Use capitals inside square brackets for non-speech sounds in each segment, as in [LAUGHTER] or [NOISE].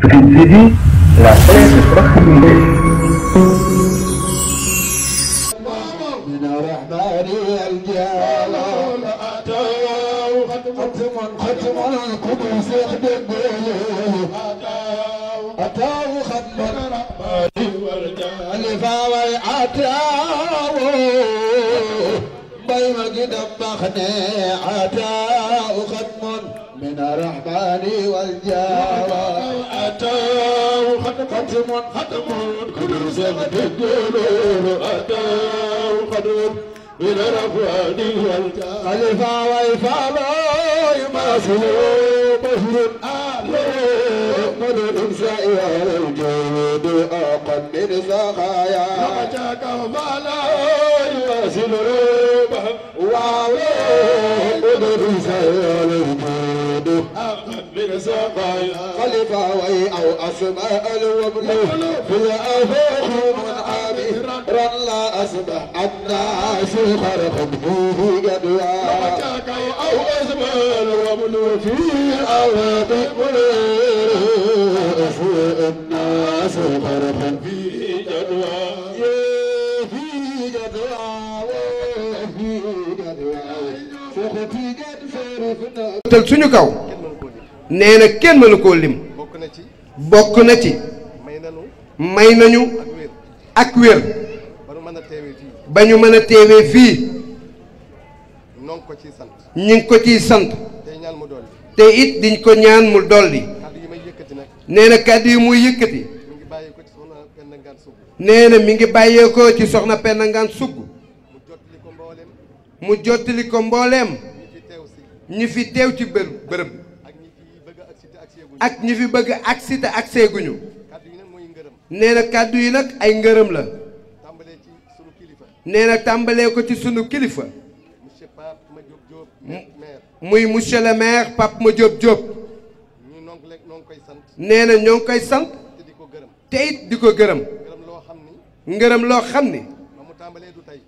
privilégie la presse de proximité. عطاء ختم من الرحمن والجواد أتاه ختم ختم كل سنة الدلول أتاه ختم من الأفواد والكاف ألفا وإفا ما يماسه بشر آله من سائر الجود أقل من سخايا رجاك فلا يواصل روبه وعليه من سائر الجود من زمان خلفاوي أو أسماء الوبل في أهوه من عامرا لا أسمع الناس خرقا فيه جدوى أو أسماء الوبل في أهوه من في الناس خرقا فيه جدوى suñu kaw nee na kenn mënu koo lim bokk na ci bokk na ci may nañu may nañu ak wér ba ñu mën a teewee fii ñoo ngi ko ciy sant ñu ngi ko ciy sant te it diñ ko ñaan mu dolli nee na kàddu yi muy yëkkati nee na mi ngi bàyyeekoo ci soxna Penda Ngane Sougou mu jottali ko mbooleem ñi fi teew ci bër bërëb ak ñi fi bëgg agsi te agsee guñu nee na kàddu yi nag ay ngërëm la nee na tàmbalee ko ci sunu kilifa muy monsieur le maire Pape Madiop Diop nee na ñoo ngi koy sant te it di ko gërëm ngërëm loo xam ni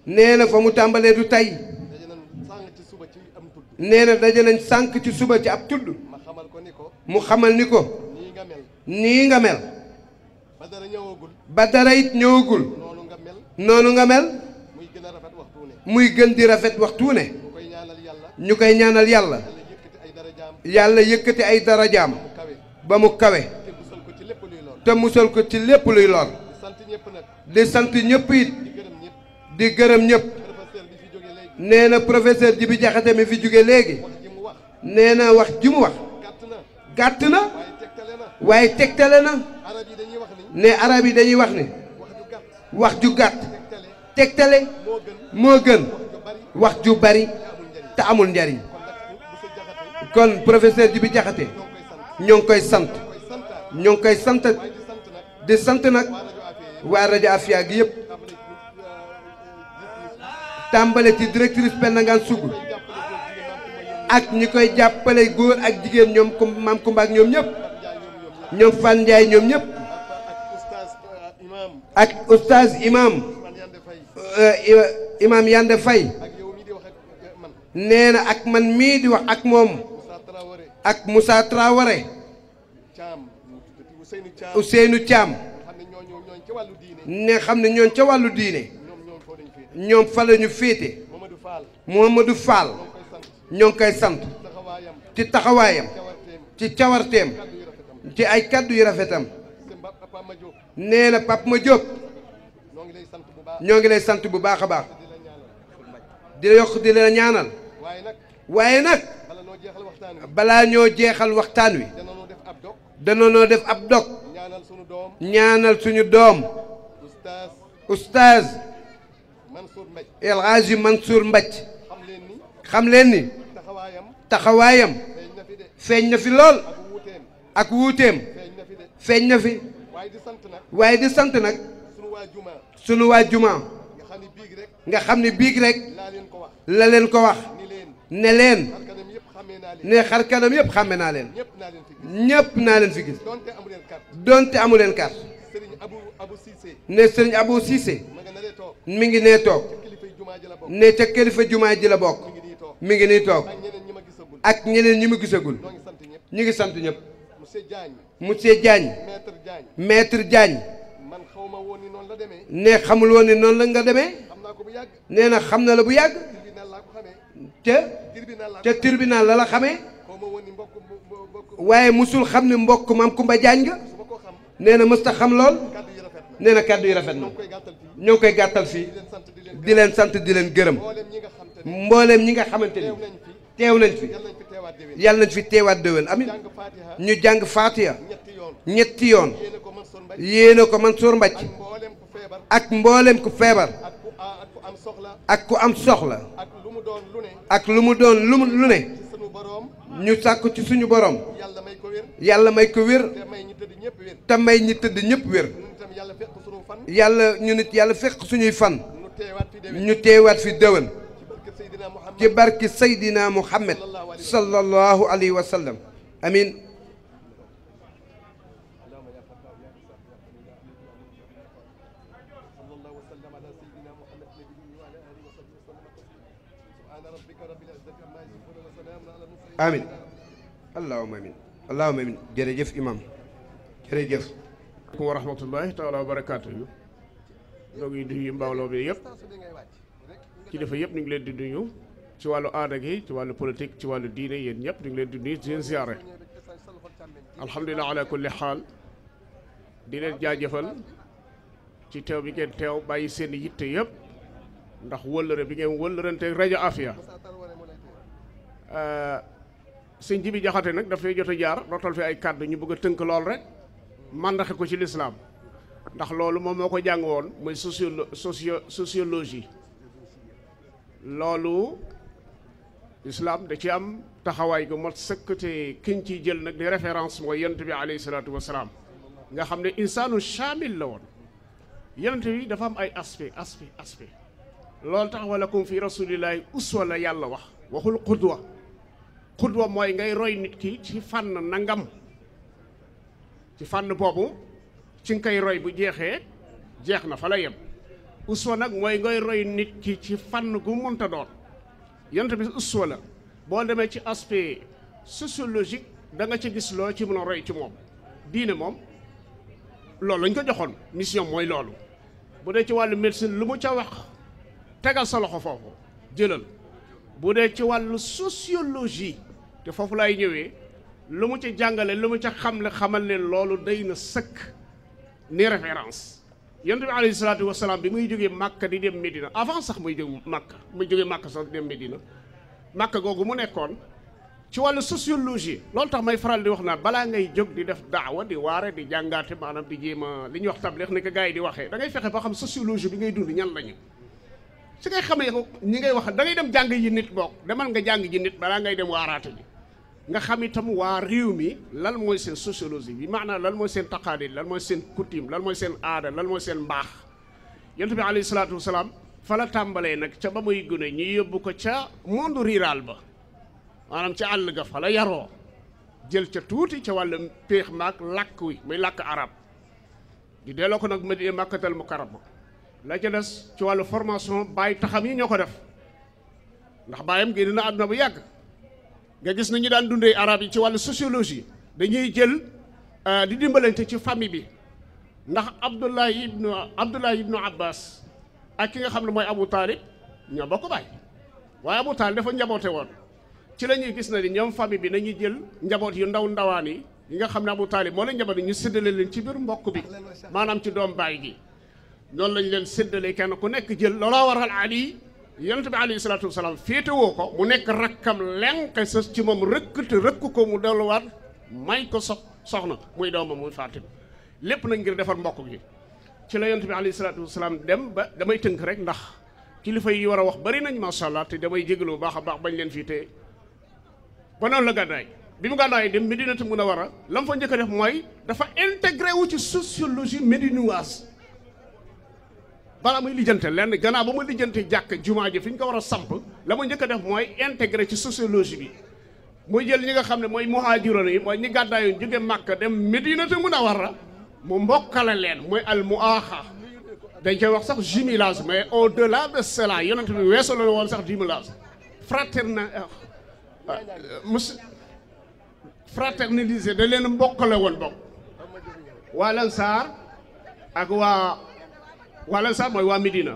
nee na fa mu tàmbalee du tey nee na daje nañ sànq ci suba ci ab tudd mu xamal ni ko nii nga mel ba dara ñëwagul ba dara it ñëwagul noonu nga mel noonu nga mel muy gën rafet waxtu muy gën di rafet waxtu ne ñu koy ñaanal yàlla ñu koy ñaanal yàlla yàlla yëkkati ay darajaam ba mu kawe te musal ko ci lépp luy lor di sant ñëpp it di gërëm ñëpp nee na professeur ji bi jaxate mi fi jóge léegi nee naa wax ji mu wax gàtt na waaye tegtale na ne arab yi dañuy wax ne wax ju gàtt tegtale moo gën wax ju bari te amul njariñ kon professeur Djibi Diakhaté ñoo ngi koy sant ñoo ngi koy sant di sant nag waa rajo Afia gi yëpp tàmbale ci euh, directrice Penda Ngane Sougou ak ñi koy jàppale góor ak jigéen ñoom kum maam ak ñoom ñëpp ñoom Fan Ndiaye ñoom ñëpp ak oustaz imam euh, imam Yande Faye nee na ak man mii di wax ak moom ak Moussa Traoré Ousseynou Thiam ne xam ne ñoon ca wàllu diine ñoom fa la ñu féete Momadou Fall ñoo ngi koy sant ci taxawaayam ci cawarteem ci ay kàddu yu rafetam nee na Pape Madiop ñoo ngi lay sant bu baax a baax di la yokk di la ñaanal waaye nag balaa ñoo jeexal waxtaan wi danonoo def ab dog ñaanal suñu doom oustaz El Hadji Mansour Mbathie xam leen ni taxawaayam feeñ na fi lool ak wuuteem feeñ na fi waaye di sant nag sunu waa jumaa nga xam ne biig rek la leen ko wax ne leen ne xar kanam yëpp xàmme naa leen ñëpp naa leen fi gis donte amu leen carte ne sëriñ Abou Cissé mi ngi ne toog ne ca kilifa jumaa ji la bokk mi ngi nii toog ak ñeneen ñi ma gisagul ñu ngi sant ñëpp monsieur Diagne monsieur Diagne maître Diagne maître Diagne man xaw woon ni noonu la demee ne xamul woon ni noonu la nga demee xam naa ko bu yàgg nee na xam na la bu yàgg ca te tribunal la la xamee waaye musul xam ne mbokk maam Kumba jaañ nga nee na mësta xam lool nee na kàddu yi rafet na ñoo ngi koy gàttal fii di leen sant di leen gërëm mboolem ñi nga xamante teew lañ fi yàlla nañ fi teewaat déwén amin ñu jàng faatiha ñetti yoon yéene ko Mansour Mbàcc ak mboolem ku feebar ak ku am soxla ak lu mu doon lu mu lu ne ñu sàkku ci suñu borom yàlla may ko wér te may ñi tëdd ñëpp wér yàlla ñu nit yàlla fekk suñuy fan ñu teewaat fi déwén ci barki Seydina Muhammad sallallahu alayhi wa sallam amin amin allahuma amin allahuma imam jërëjëf kum taala wa barakaatuhu doo ngi nuyu mbooloo bi yëpp ci dafa yëpp ñu ngi leen di nuyu ci wàllu aada gi ci wàllu politique ci wàllu diine yéen ñëpp ñu ngi leen di nuyu di leen ziare alhamdulilah ala kulli xaal di leen jaajëfal ci teew bi ngeen teew bàyyi seen yitte yëpp ndax wëllëre bi ngeen wëllërante rajo Afia euh, sëñ ji bi jaxate nag dafay jot jaar dootal fi ay kàdd ñu bëgg a tënk lool rek màndaxe ko ci lislaam ndax loolu moom moo ko jàng woon mooy socio socio sociologie loolu lislaam da ci am taxawaay gu mat sëkk te kiñ ciy jël nag di référence mooy yonent bi alayhi salaatu wasalaam nga xam ne insaanu shaamil la woon yonent bi dafa am ay aspect aspect lool loolu tax walakum fi rasulillahi uswa la yàlla wax waxul xudwa xudwa mooy ngay roy nit ki ci fànn nangam ci fànn boobu ci nga koy roy bu jeexee jeex na fa la yem uswa nag mooy ngay roy nit ki ci fànn gu mënta doon yonent bi uswa la boo demee ci aspect sociologique da nga ci gis loo ci mën a roy ci moom diine moom loolu lañ ko joxoon mission mooy loolu bu dee ci wàllu médecine lu mu ca wax tegal sa loxo foofu jëlal bu dee ci wàllu sociologie te foofu laay ñëwee lu mu ca jàngale lu mu ca xamle xamal ne loolu day na sëkk ni référence yonent bi alayhi salaatu wasalaam bi muy jógee màkka di dem Medina avant sax muy jóg màkk muy jógee màkka sax di dem Medina màkka googu mu nekkoon ci wàll sociologie loolu tax may faral di wax naa balaa ngay jóg di def daawa di waare di jàngaate maanaam di jéem a li ñuy wax tablix ni ko gars yi di waxee da ngay fexe ba xam sociologie bi ngay dund ñan lañu si ngay xamee ñi ngay wax dangay ngay dem jàng yi nit bokk demal nga jàng ji nit balaa ngay dem waaraate ji nga xam itam waa réew mi lan mooy seen sociologie bi maanaam lan mooy seen taqaadir lan mooy seen coutume lan mooy seen aada lan mooy seen mbaax yonent bi alayhi salaatu wasalaam fa tàmbalee nag ca ba muy gune ñu yóbbu ko ca monde rural ba maanaam ca àll ga fa yaroo jël ca tuuti ca wàllum péex maak làkk wi muy làkk arab di delloo ko nag Madina Makkatal Mukarrama la ca des ci wàllu formation bàyyi taxam yi ñoo ko def ndax bàyyam génn na àdduna bu yàgg nga gis nañu daan dundee arab yi ci wàllu sociologie dañuy jël euh, di dimbalante ci famille bi ndax Abdullahi ibnu Abdullahi ibnu Abbas ak ki nga xam ne mooy Abu Taalib ñoo bokk baay waaye Abu Taalib dafa njaboote woon ci la ñuy gis na ni ñoom famille bi nañuy jël njaboot yu ndaw ndawaan yi yi nga xam ne Abu Taalib moo leen njaboot ñu séddale leen ci biir mbokk bi maanaam ci doom baay gi noonu lañ leen séddale kenn ku nekk jël looloo waral Ali yonent bi alayhi salaatu wasalaam féetewoo ko mu nekk rakkam lenq sës ci moom rëkk te rëkk ko mu delluwaat may ko so soxna muy doomam muy Faatima lépp nag ngir defar mbokk gi ci la yonent bi alayhi salaatu wasalaam dem ba damay tënk rek ndax kilifa yi war a wax bari nañ macha allah te damay jégalu bu baax a baax bañ leen fii téye ba noonu la gàddaay bi mu gàddaay dem Medinatu Munawara la mu fa njëkk a def mooy dafa intégré wu ci sociologie médinoise balaa muy lijjante lenn gannaaw ba mu lijjante jàkk jumaa ji fi ñu ko war a samp la mu njëkk a def mooy intégré ci sociologie bi muy jël ñi nga xam ne mooy muhaajiroon yi mooy ñu ñi gàddaayoon jóge Màkka dem Medinatu Munawwara mu mbokkale leen mooy al muaaxa dañ koy wax sax jumelage mais au delà de cela yonent bi weesu la woon sax jumelage fraterne euh, mus fraternilisé da leen mbokkale woon bokk waa Lansaar ak waa wala sa mooy waa Medina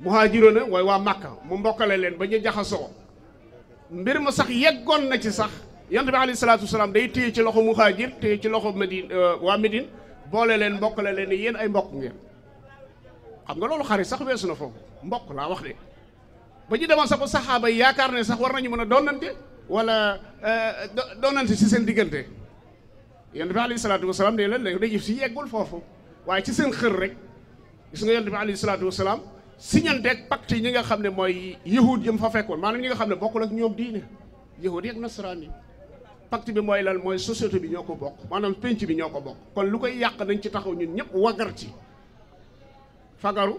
muhaajiroona mooy waa Makka mu mbokkale leen ba ñu jaxasoo mbir ma sax yeggoon na ci sax yonent bi alayhi salaatu wasalaam day téye ci loxo muhaajir téye ci loxo Medine euh, waa Medine boole leen mbokkale leen ni yéen ay mbokk ngeen xam nga loolu xarit sax weesu na foofu mbokk laa wax de ba ñu demoon sax ba saxaaba yi yaakaar ne sax war nañu mën a doonante wala euh, doonante ci seen diggante yonent bi alayhi salaatu wasalaam day leen léegi day si yeggul foofu waaye ci seen xër rek. gis nga yonent bi alayhi salaatu wasalaam siñanteeg pacte yi ñi nga xam ne mooy yahud yëm fa fekkoon maanaam ñi nga xam ne bokkul ak ñoom diine yahud yi ak nasaraan yi pacte bi mooy lan mooy société bi ñoo ko bokk maanaam pénc bi ñoo ko bokk kon lu koy yàq nañ ci taxaw ñun ñëpp wagar ci fagaru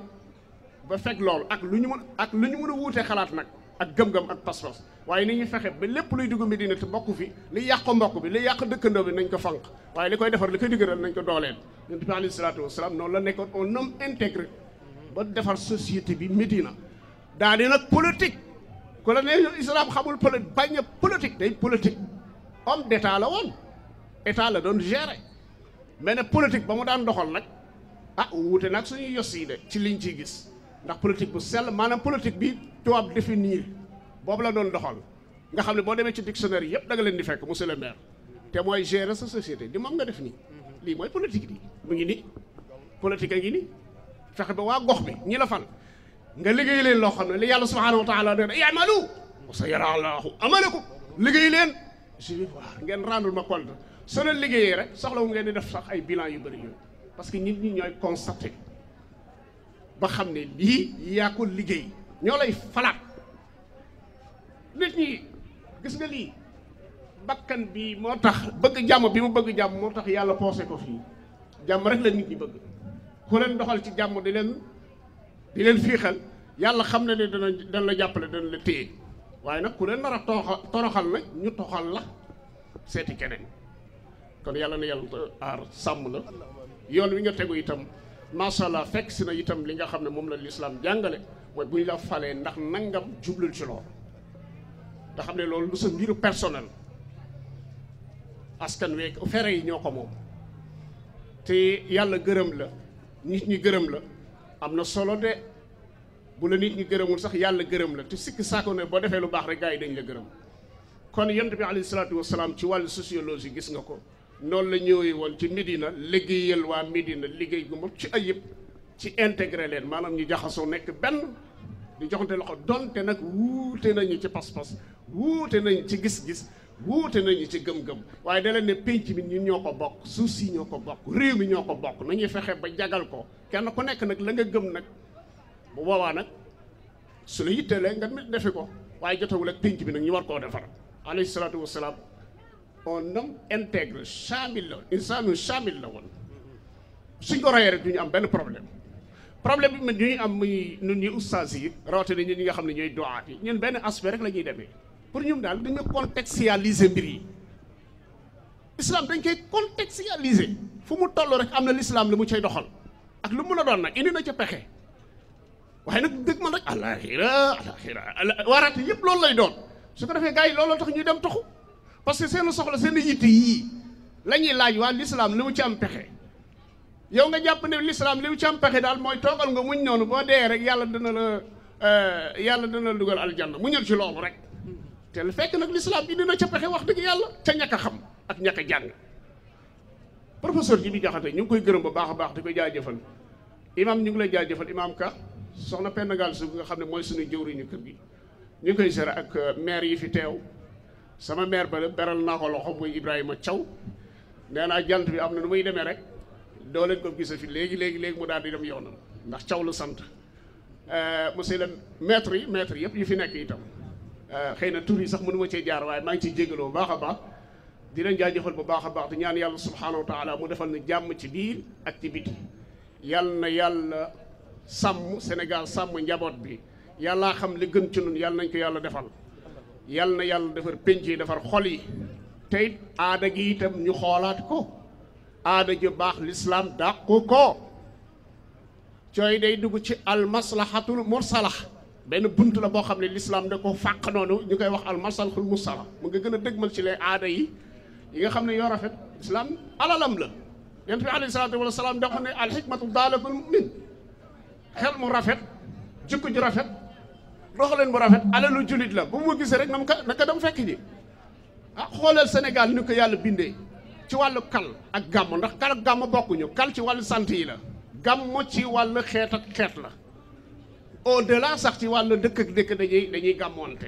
ba fekk loolu ak lu ñu mën ak lu ñu mën a wuutee xalaat nag ak gëm-gëm ak pas-pas waaye ni ñuy fexe ba lépp luy dugg Medina te bokk fi li yàq mbokk bi li yàq dëkkandoo bi nañ ko fànq waaye li koy defar li koy digëral nañ ko dooleel yonent bi alayhi salaatu wasalaam noonu la nekkoon un homme intégré ba defar société bi Medina daa di nag politique ku la ne islam xamul politique bañ a politique day politique homme d'état la woon état la doon gérer mais ne politique ba mu daan doxal nag ah wuute nag suñuy yos yi de ci liñ ciy gis ndax politique bu sell maanaam politique bi tubaab définir boobu la doon doxal nga xam ne boo demee ci dictionnaire yëpp da nga leen di fekk monsieur le maire te mooy gérer sa société di moom nga def nii lii mooy politique mu ngi nii politique a ngi nii fexe ba waa gox bi ñi la nga liggéey leen loo xam ne li yàlla subhaanahu wa taala nee na i'malu wa sayara Allahu amalakum liggéey leen je vais voir ngeen rendre ma compte soo leen liggéeyee rek soxlawu ngeen di def sax ay bilan yu bëri yooyu parce que nit ñi ñooy constaté ba xam ne lii yaa ko liggéey ñoo lay falaat nit ñi gis nga lii bakkan bi moo tax bëgg jàmm bi mu bëgg jàmm moo tax yàlla poosé ko fii jàmm rek la nit ñi bëgg ku leen doxal ci jàmm di leen di leen fiixal yàlla xam ne ne dana dana la jàppale dana la téye waaye nag ku leen nar a toroxal nag ñu toxal la seeti keneen kon yàlla na yàlla aar sàmm la yoon wi nga tegu itam macha allah fekk si na itam li nga xam ne moom la lislaam jàngale mooy bu ñu la falee ndax nangam jublul ci loolu nga xam ne loolu lu sa mbiru personnel askan week fere yi ñoo ko moom te yàlla gërëm la nit ñi gërëm la am na solo de bu la nit ñi gërëmul sax yàlla gërëm la te sikki saako ne boo defee lu baax rek gars yi dañ la gërëm kon yonent bi alayhi salaatu wasalaam ci wàllu sociologie gis nga ko noonu la ñëwee woon ci Medina liggéeyal waa Medina liggéey gu mu ci ayib ci intégré leen maanaam ñu jaxasoo nekk benn ñu joxante loxo donte nag wuute nañu ci pas-pas wuute nañu ci gis-gis wuute nañu ci gëm-gëm waaye da leen ne pénc mi ñun ñoo ko bokk suuf si ñoo ko bokk réew mi ñoo ko bokk nañu fexe ba jagal ko kenn ku nekk nag la nga gëm nag bu boobaa nag su la yittelee nga defi ko waaye jotewul ak pénc bi nag ñu war koo defar alayhi salaatu wasalaam un homme intègre chamil la insaanu chamil la woon suñ ko royee rek du ñu am benn problème problème bi ñu ñu am muy ñun ñi ustaas yi rawatina ñun ñi xam ne ñooy doaat yi ñun benn aspect rek la ñuy demee pour ñun daal dañu contextualiser mbir yi islam dañ koy contextualiser fu mu toll rek am na l'islam lu mu cay doxal ak lu mun a doon nag indi na ca pexe waaye nag dëgg man rek alaxira alaxira waraate yëpp loolu lay doon su ko defee gars yi looloo tax ñuy dem toxu parce que seen soxla seen yitte yii la ñuy laaj waa lislaam li mu ci am pexe yow nga jàpp ne lislaam li mu ci am pexe daal mooy toogal nga muñ noonu boo dee rek yàlla dana la euh, yàlla dana la dugal aljanna muñal ci loolu rek te lu fekk nag lislaam bi na ca pexe wax dëgg yàlla ca ñàkk xam ak ñàkk a jàng professeur ji bi jaxate ñu ngi koy gërëm ba baax a baax di ko jaajëfal imaam ñu ngi lay jaajëfal imaam ka soxna Penda Gaal su nga xam ne mooy suñu jëwriñu kër gi ñu ngi koy seere ak euh, maire yi fi teew sama maire ba beral naa ko loxo muy Ibrahima Thiaw nee naa jant bi am na nu muy demee rek doo leen ko gisa fi léegi léegi léegi mu daal di dem yoonam ndax caw la sant euh, monsieur le maître yi maître yëpp yu fi nekk itam euh, xëy na tur yi sax mënu ma cee jaar waaye maa ngi ciy jégaloo baax a baax di leen bu baax a baax di ñaan yàlla subhaanahu wa taala mu defal na jàmm ci biir ak ci biti yàlla na sàmm Sénégal sàmm njaboot bi yàllaa xam li gën ci nun yàlla nañ ko yàlla defal yal na yàlla defar pénc yi defar xol yi te it aada gi itam ñu xoolaat ko aada ju baax lislaam dàqu ko cooy day dugg ci almaslahatul mursala benn bunt la boo xam ne lislaam da ko fàq noonu ñu koy wax almaslahatul mursala mu nga gën a dëgmal ci lay aada yi yi nga xam ne yoo rafet lislaam alalam la yonent bi alayhi salaatu wa salaam da ko ne alxikmatu daalatul mu'min xel mu rafet jikko ju rafet doxalin bu rafet alalu jullit la bu mu gisee rek na ka naka dem fekk ji ah xoolal Sénégal ni ko yàlla bindee ci wàllu kal ak gàmm ndax kal ak gàmm bokkuñu kal ci wàllu sant yi la gàmm ci wàllu xeet ak xeet la au delà sax ci wàllu dëkk dëkk dañuy dañuy gàmmoonte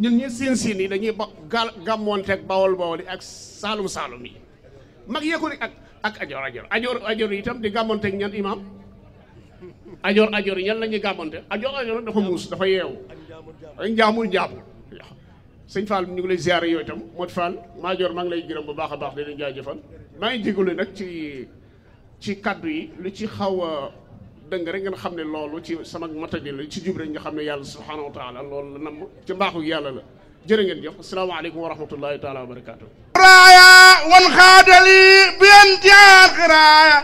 ñun ñi siin siin yi dañuy ba gal gàmmoonte ak bawol bawol yi ak saalum saalum yi mag yëkkul ak ak ajoor ajoor ajoor ajoor tam di gàmmoonte ak ñan imaam ajoor ajoor yal nañu gàmmante ajoor ajoor dafa muus dafa yeewu dañ njaamul njaamul sëñ Fall ñu ngi lay ziare yooyu itam Modou Fall maajoor maa ngi lay gërëm bu baax a baax di leen jaajëfal maa ngi jégalu ci ci yi lu ci xaw a dëng rek ngeen xam ne loolu ci sama matadi la ci jub rek nga xam ne yàlla subhaanahu wa taala loolu la namm ci mbaaxu yàlla la jërë ngeen jëf asalaamaaleykum wa rahmatullahi taala wa barakaatu raaya wan xaadali biyan jaar raaya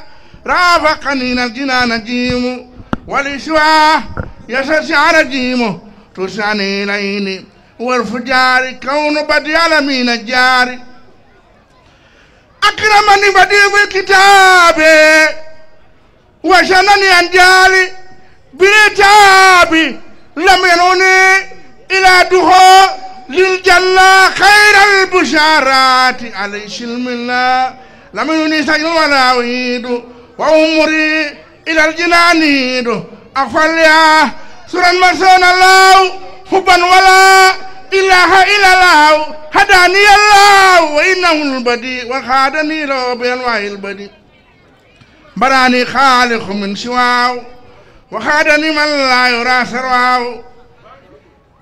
raafaqani na jinaana jiimu ولسواه يسس عرجيمه تسعني إليه والفجار كون بديل من الجار أكرمني بديع الكتاب وشنني عن جاري برتابي لم ينوني إلى دخول للجنة خير البشارات عليه سلم الله لم ينوني سجن ولا وعمري ilal jinaaniidu afalyaa suran marsoona laaw hubban walaa ilaaha illalaaw hadaaniyallaaw wa innahul badi wa xaadanii law bi anwaayil badi mbaraani xaaliqu min siwaaw wa xaadani man laa yuraa sarwaaw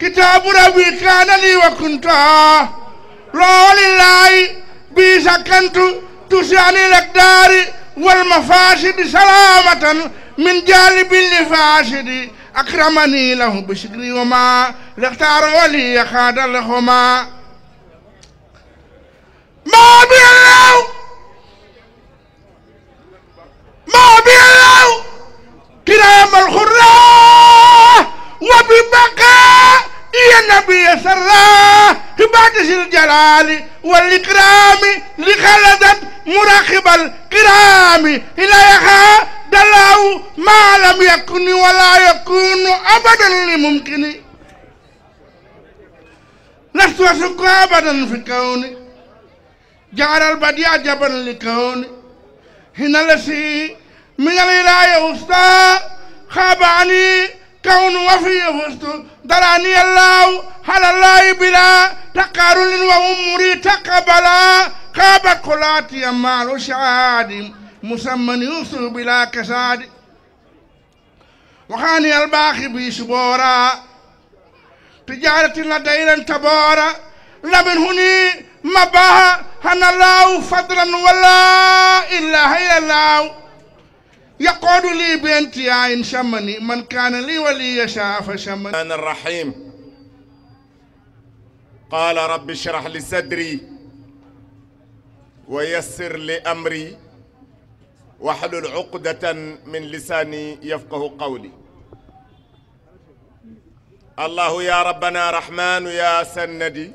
kitaabu rabbi kaanani wa kuntaa loolilaayi bii sakkantu tusiyaani lakdaari والمفاسد سلامة من جالب الفاسد أكرمني له بشكري وما لاختار ولي خاد لهما ما بي الله ما بي الله كرام الخراء وببقاء يا نبي سراه بعد ذي الجلال والإكرام لخلدت مراقب الكرام إليها دلوا ما لم يكن ولا يكون أبدا لممكن لست أشك أبدا في كوني جعل البديع جبا لكوني هنا الذي من الإله يوسطى خاب عني كون وفي فست دراني الله على الله بلا تقارل وأمري تقبلا خاب كلاتي مال شعاد مسمى يوسف بلا كساد وخاني الباخي بيشبورا تجارة لدينا تبورا لمن هني مباها هن الله فضلا ولا إله إلا الله يقعد لي بانتياع شمني من كان لي ولي يشاء فشمني أنا الرحيم قال رب اشرح لي صدري ويسر لي أمري واحلل عقدة من لساني يفقه قولي الله يا ربنا رحمن يا سندي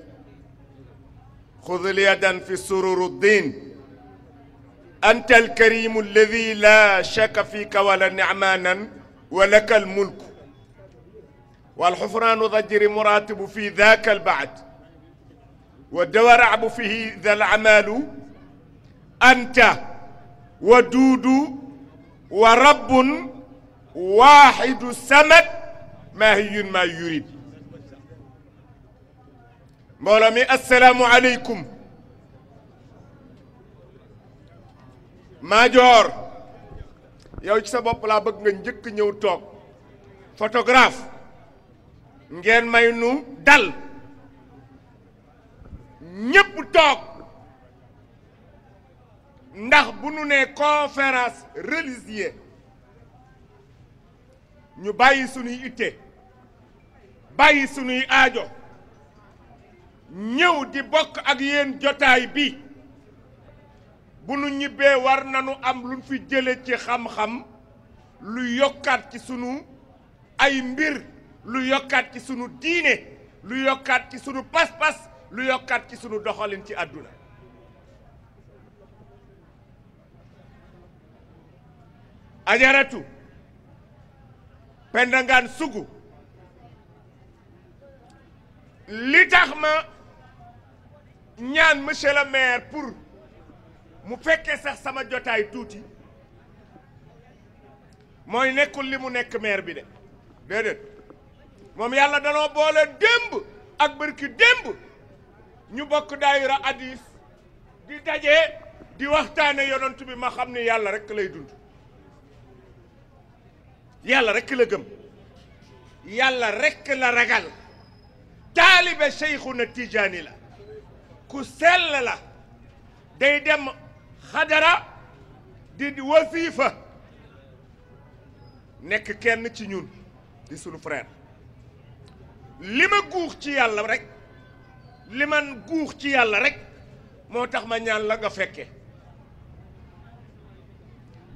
خذ اليدا في سرور الدين anta alkarimu alladi la shakka fika wala nicmaanan wa laka almulku والحفران ضجر مراتب في ذاك البعد والدورع فيه ذا الأعمال أنت ودود ورب واحد السمد ماهي ما يريد مولمي السلام عليكم Madior yow ci sa bopp laa bëgg nga njëkk ñëw toog photographe ngeen may nu dal ñépp toog ndax bu nu nee conférence religieuse ñu bàyyi sunuy itte bàyyi sunuy aajo ñëw di bokk ak yéen jotaay bi bu nu ñibbee war nanu am luñ fi jële ci xam-xam lu yokkaat ci sunu ay mbir lu yokkaat ci sunu diine lu yokkaat ci sunu pas-pas lu yokkaat ci sunu doxalin ci àdduna ajaratu pendangaan sugu li tax ma ñaan monsieur le maire pour mu fekkee sax sama jotaay tuuti mooy nekkul li mu nekk maire bi de déedéet moom yàlla danoo boole démb ak bërki démb ñu bokk daayira addis di daje di waxtaane yonent bi ma xam ni yàlla rekk lay dund yàlla rek la gëm yàlla rek la ragal taalibe Seyxuna Tijaani la ku sell la day dem xadara di wasiifa nekk kenn ci ñun di sunu frère li ma guux ci yàlla rekk li man guux ci yàlla rek moo tax ma ñaan la nga fekke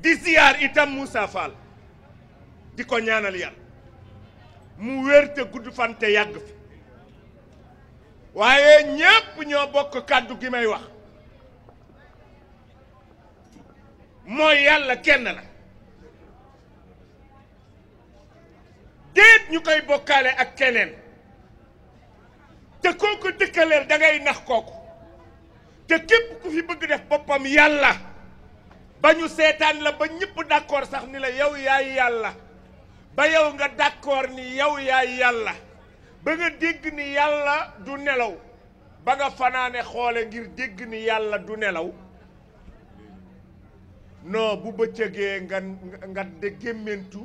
di ziyaar itam Moussa Fall di ko ñaanal yàlla mu wér te gudd fante te yàgg fi waaye ñépp ñoo bokk kàddu gi may wax mooy yàlla kenn la déet ñu koy bokkaale ak keneen te kooku dëkkaleel da nax kooku te képp ku fi bëgg def boppam yàlla ba ñu seetaan la ba ñëpp d'accord sax ni la yow yaay yàlla ba yow nga d'accord ni yow yaay yàlla ba nga dégg ni yàlla du nelaw ba nga fanaane xoole ngir dégg ni yàlla du nelaw non bu bëccëgee nga nga de gémmentu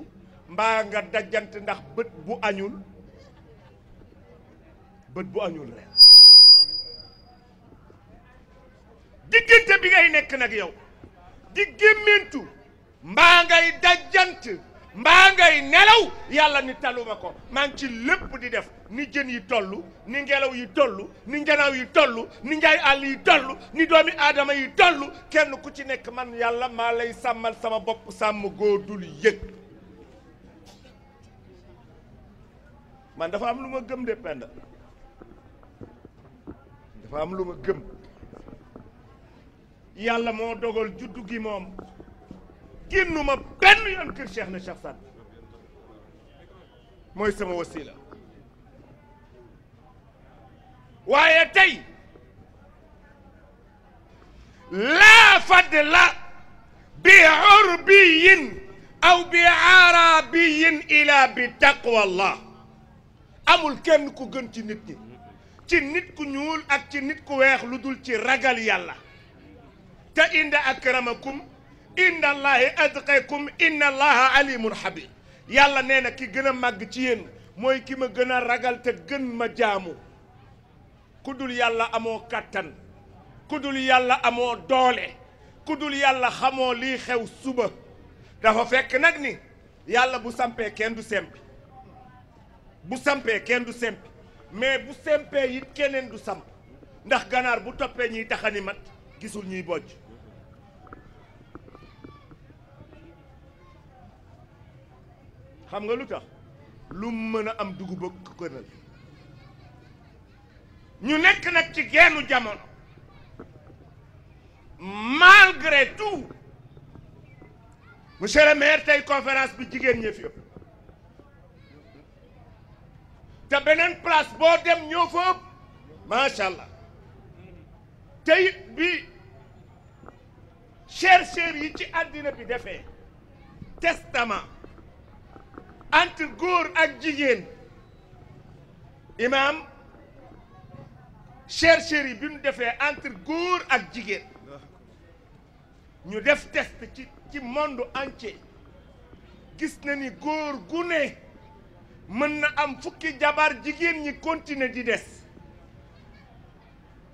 mbaa nga dajjant ndax bët bu añul bët bu añul rek diggante bi ngay nekk nag yow di gémmentu mbaa ngay dajjant mbaa ngay nelaw yàlla ni taluma ko maa ngi ci lépp di def ni jën yi toll ni ngelaw yi tollu ni njanaaw yi toll ni njaay àll yi toll ni doomi aadama yi toll kenn ku ci nekk man yàlla maa lay sàmmal sama bopp sàmm góor góodul yëg man dafa am lu ma gëm de pend dafa am lu ma gëm yàlla moo dogal juddu gi moom génnuma mooy sama wasila waaye tey laa fadla bi urbiyin aw bi arabiyin ila bi taqwallah amul kenn ku gën ci nit nit ku ñuul ak ci nit ku weex lu dul ci ragal yàlla te inda akramakum inna allahi atqakum inna allaha alimun xabi yàlla nee na ki gën a màgg ci yéen mooy ki ma gën a ragal te gën ma jaamu ku dul yàlla amoo kattan ku dul yàlla amoo doole ku dul yàlla xamoo lii xew suba dafa fekk nag ni yàlla bu sampee kenn du sempi bu sampee kenn du sempi mais bu sempee it keneen du samp ndax ganaar bu toppee ñiy taxani mat gisul ñuy bojj xam nga lu tax lu mën a am dugub ak ko ñu nekk nag ci geenu jamono malgré tout monsieur le maire tey conférence bi jigéen ñëf yëpp te beneen place boo dem ñoo fa ëpp macha allah tey bi chercheurs yi ci àddina bi defee testament entre góor ak jigéen imaam chercheurs yi bi mu defee entre góor ak jigéen ñu def test ci ci monde entier gis na ni góor gu ne mën na am fukki jabar jigéen ñi continuer di des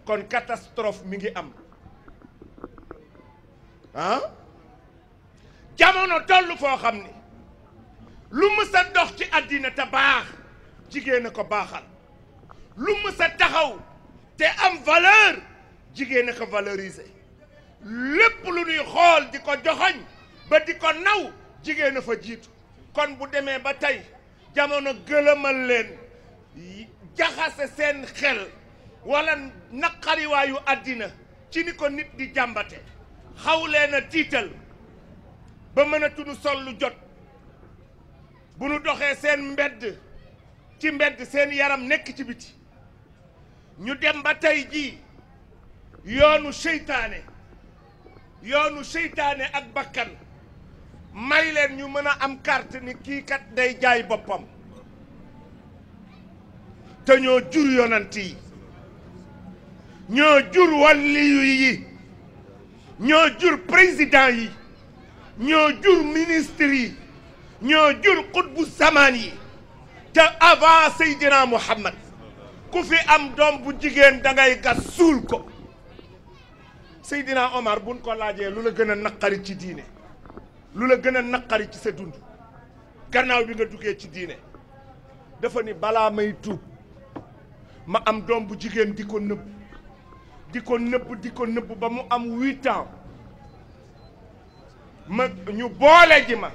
kon catastrophe mi ngi am ah jamono toll foo xam ne lu mës a ci àddina te baax jigéen ko baaxal lu mës a taxaw te am valeur jigéen a ko valoriser lépp lu ñuy xool di ko joxoñ ba di ko naw jigéen a fa jiitu kon bu demee ba tey jamono gëlëmal leen jaxase seen xel walla naqariwaayu àddina ci ni ko nit di jàmbate xaw leen tiital ba mën a tunu sol lu jot bu nu doxee seen mbedd ci mbedd seen yaram nekk ci biti ñu dem ba tey ji yoonu seytaane yoonu seytaane ak bakkan may ñu mën a am carte ni kii kat day jaay boppam te ñoo jur yonant yi ñoo jur walliyu yi ñoo jur président yi ñoo jur ministre yi ñoo jur bu zamaan yi te avant Seydina Muhammad ku fi am doom bu jigéen dangay ngay suul ko Seydina Omar buñ ko laajee lu la gën a naqari ci diine lu la gën a naqari ci sa dund gannaaw bi nga duggee ci diine dafa ni balaa may tuub ma am doom bu jigéen di ko nëbb di ko nëbb di ko nëbb ba mu am huit ans ma ñu boole ma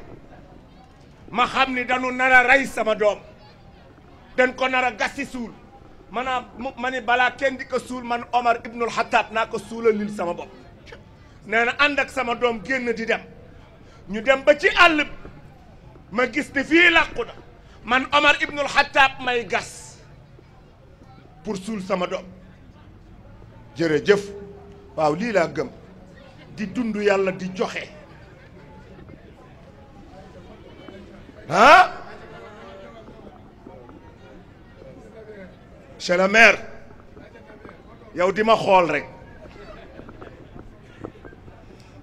ma xam ni dañu nar a rey sama doom dañ ko nar a gasi suul maanaam ma ni balaa kenn di ko suul man Omar ibnul Xattaab naa ko suulalil sama bopp nee na ànd ak sama doom génn di dem ñu dem ba ci àll ma gis ni fii làqu na man Omar ibnul Xattaab may gas pour suul sama doom jëf waaw lii laa gëm di dund yàlla di joxe ah monsieur yow di ma xool rek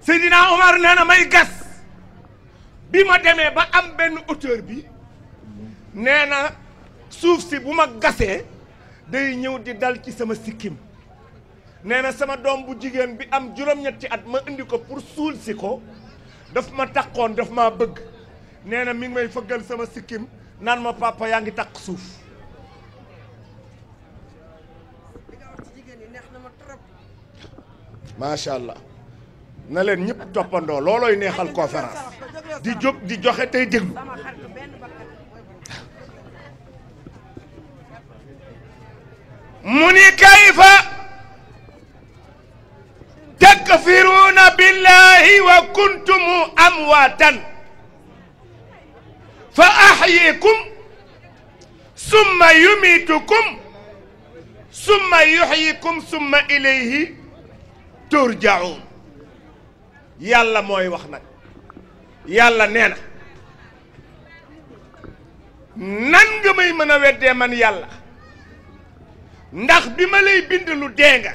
Seydina Omar nee na may gas bi ma demee ba am benn hauteur bi nee na suuf si bu ma gasee day ñëw di dal ci sama sikkim nee na sama doom bu jigéen bi am juróom-ñetti at ma indi ko pour suul si ko daf ma takkoon daf maa bëgg nee na mi ngi may fëggal sama sikkim naan ma papa yaa ngi takk suuf macha allah na leen ñëpp toppandoo loolooy neexal conférence di jóg di joxe tey déglu mu ni kayfa takfiruuna billahi wa kuntum amwaatan fa ahyikum summa yumitukum summa yuhyikum summa ilayhi turjaun yàlla mooy wax nag yàlla nee na nan nga may mën a weddee man yàlla ndax bi ma lay bind lu dee nga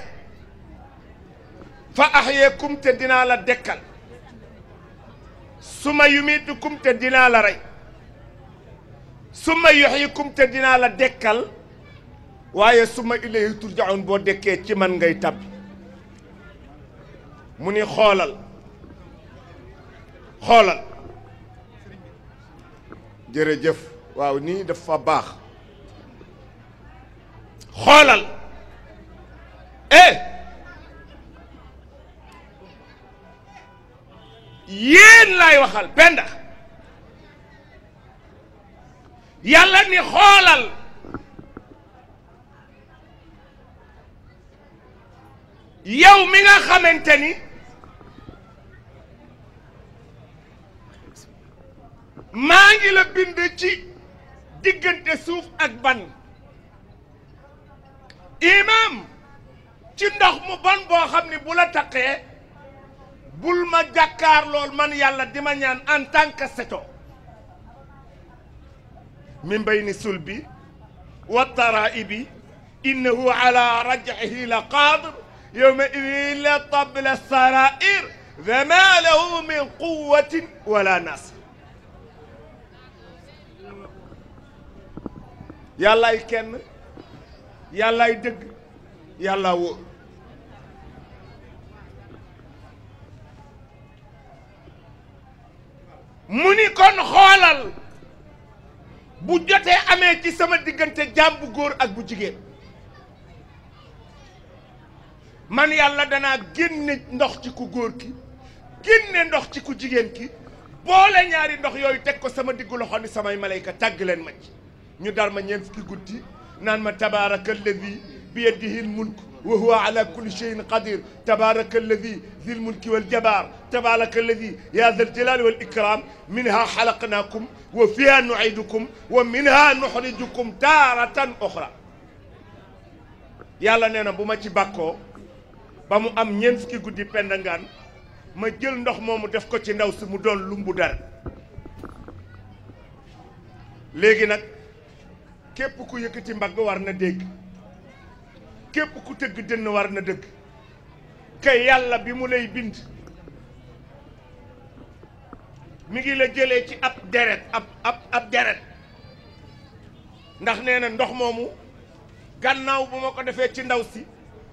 fa ahyeekum te dinaa la dekkal suma yumiitukum te dinaa la rey summa yuhyikum te dinaa la dekkal waaye summa ilayhi turjaun boo dekkee ci man ngay tàbbi mu ni xoolal xoolal jërëjëf waaw nii dafa baax xoolal eh yéen laay waxal penda yàlla ni xoolal yaw mi nga xamante ni maa ngi la bind ci diggante suuf ak ban imaam ci ndox mu bon boo xam ni bu la taqee bul ma jàkkaar lool man yàlla di ma ñaan en tant que seto min bayni sulbi wa taraibi innahu ala raj'ihi la qadir yawma idin la tabla sarair fama lahu min quwatin wala nasir yàllaay kenn yàllaay dëgg yàlla wóor mu ni kon xoolal bu jotee amee ci sama diggante jàmb góor ak bu jigéen man yàlla danaa génne ndox ci ku góor ki génne ndox ci ku jigéen ki boole ñaari ndox yooyu teg ko sama diggu loxo samay malayka tàgg leen ma ci ñu dar ma ñeent fukki guddi naan ma tabaaraka alladi bi yadihi l ko wa huwa ala kulli shay'in qadir tabaraka alladi zi lmulki waljabar tabaraka alladi ya za aljalaali wal ikram minha xalaqnaakum wa fiha nuidukum wa minha nuxrijukum taaratan oxra yàlla nee na bu ma ci bàkkoo ba mu am ñeent fukki guddi pendangaan ma jël ndox moomu def ko ci ndaw si mu doon lumbu dara léegi nag képp ku yëkkati mbagg war na dégg képp ku tëgg dënn war na dëgg que yàlla bi mu lay bind mu ngi la jëlee ci ab deret ab ab ab deret ndax nee na ndox moomu gànnaaw bu ma ko defee ci ndaw si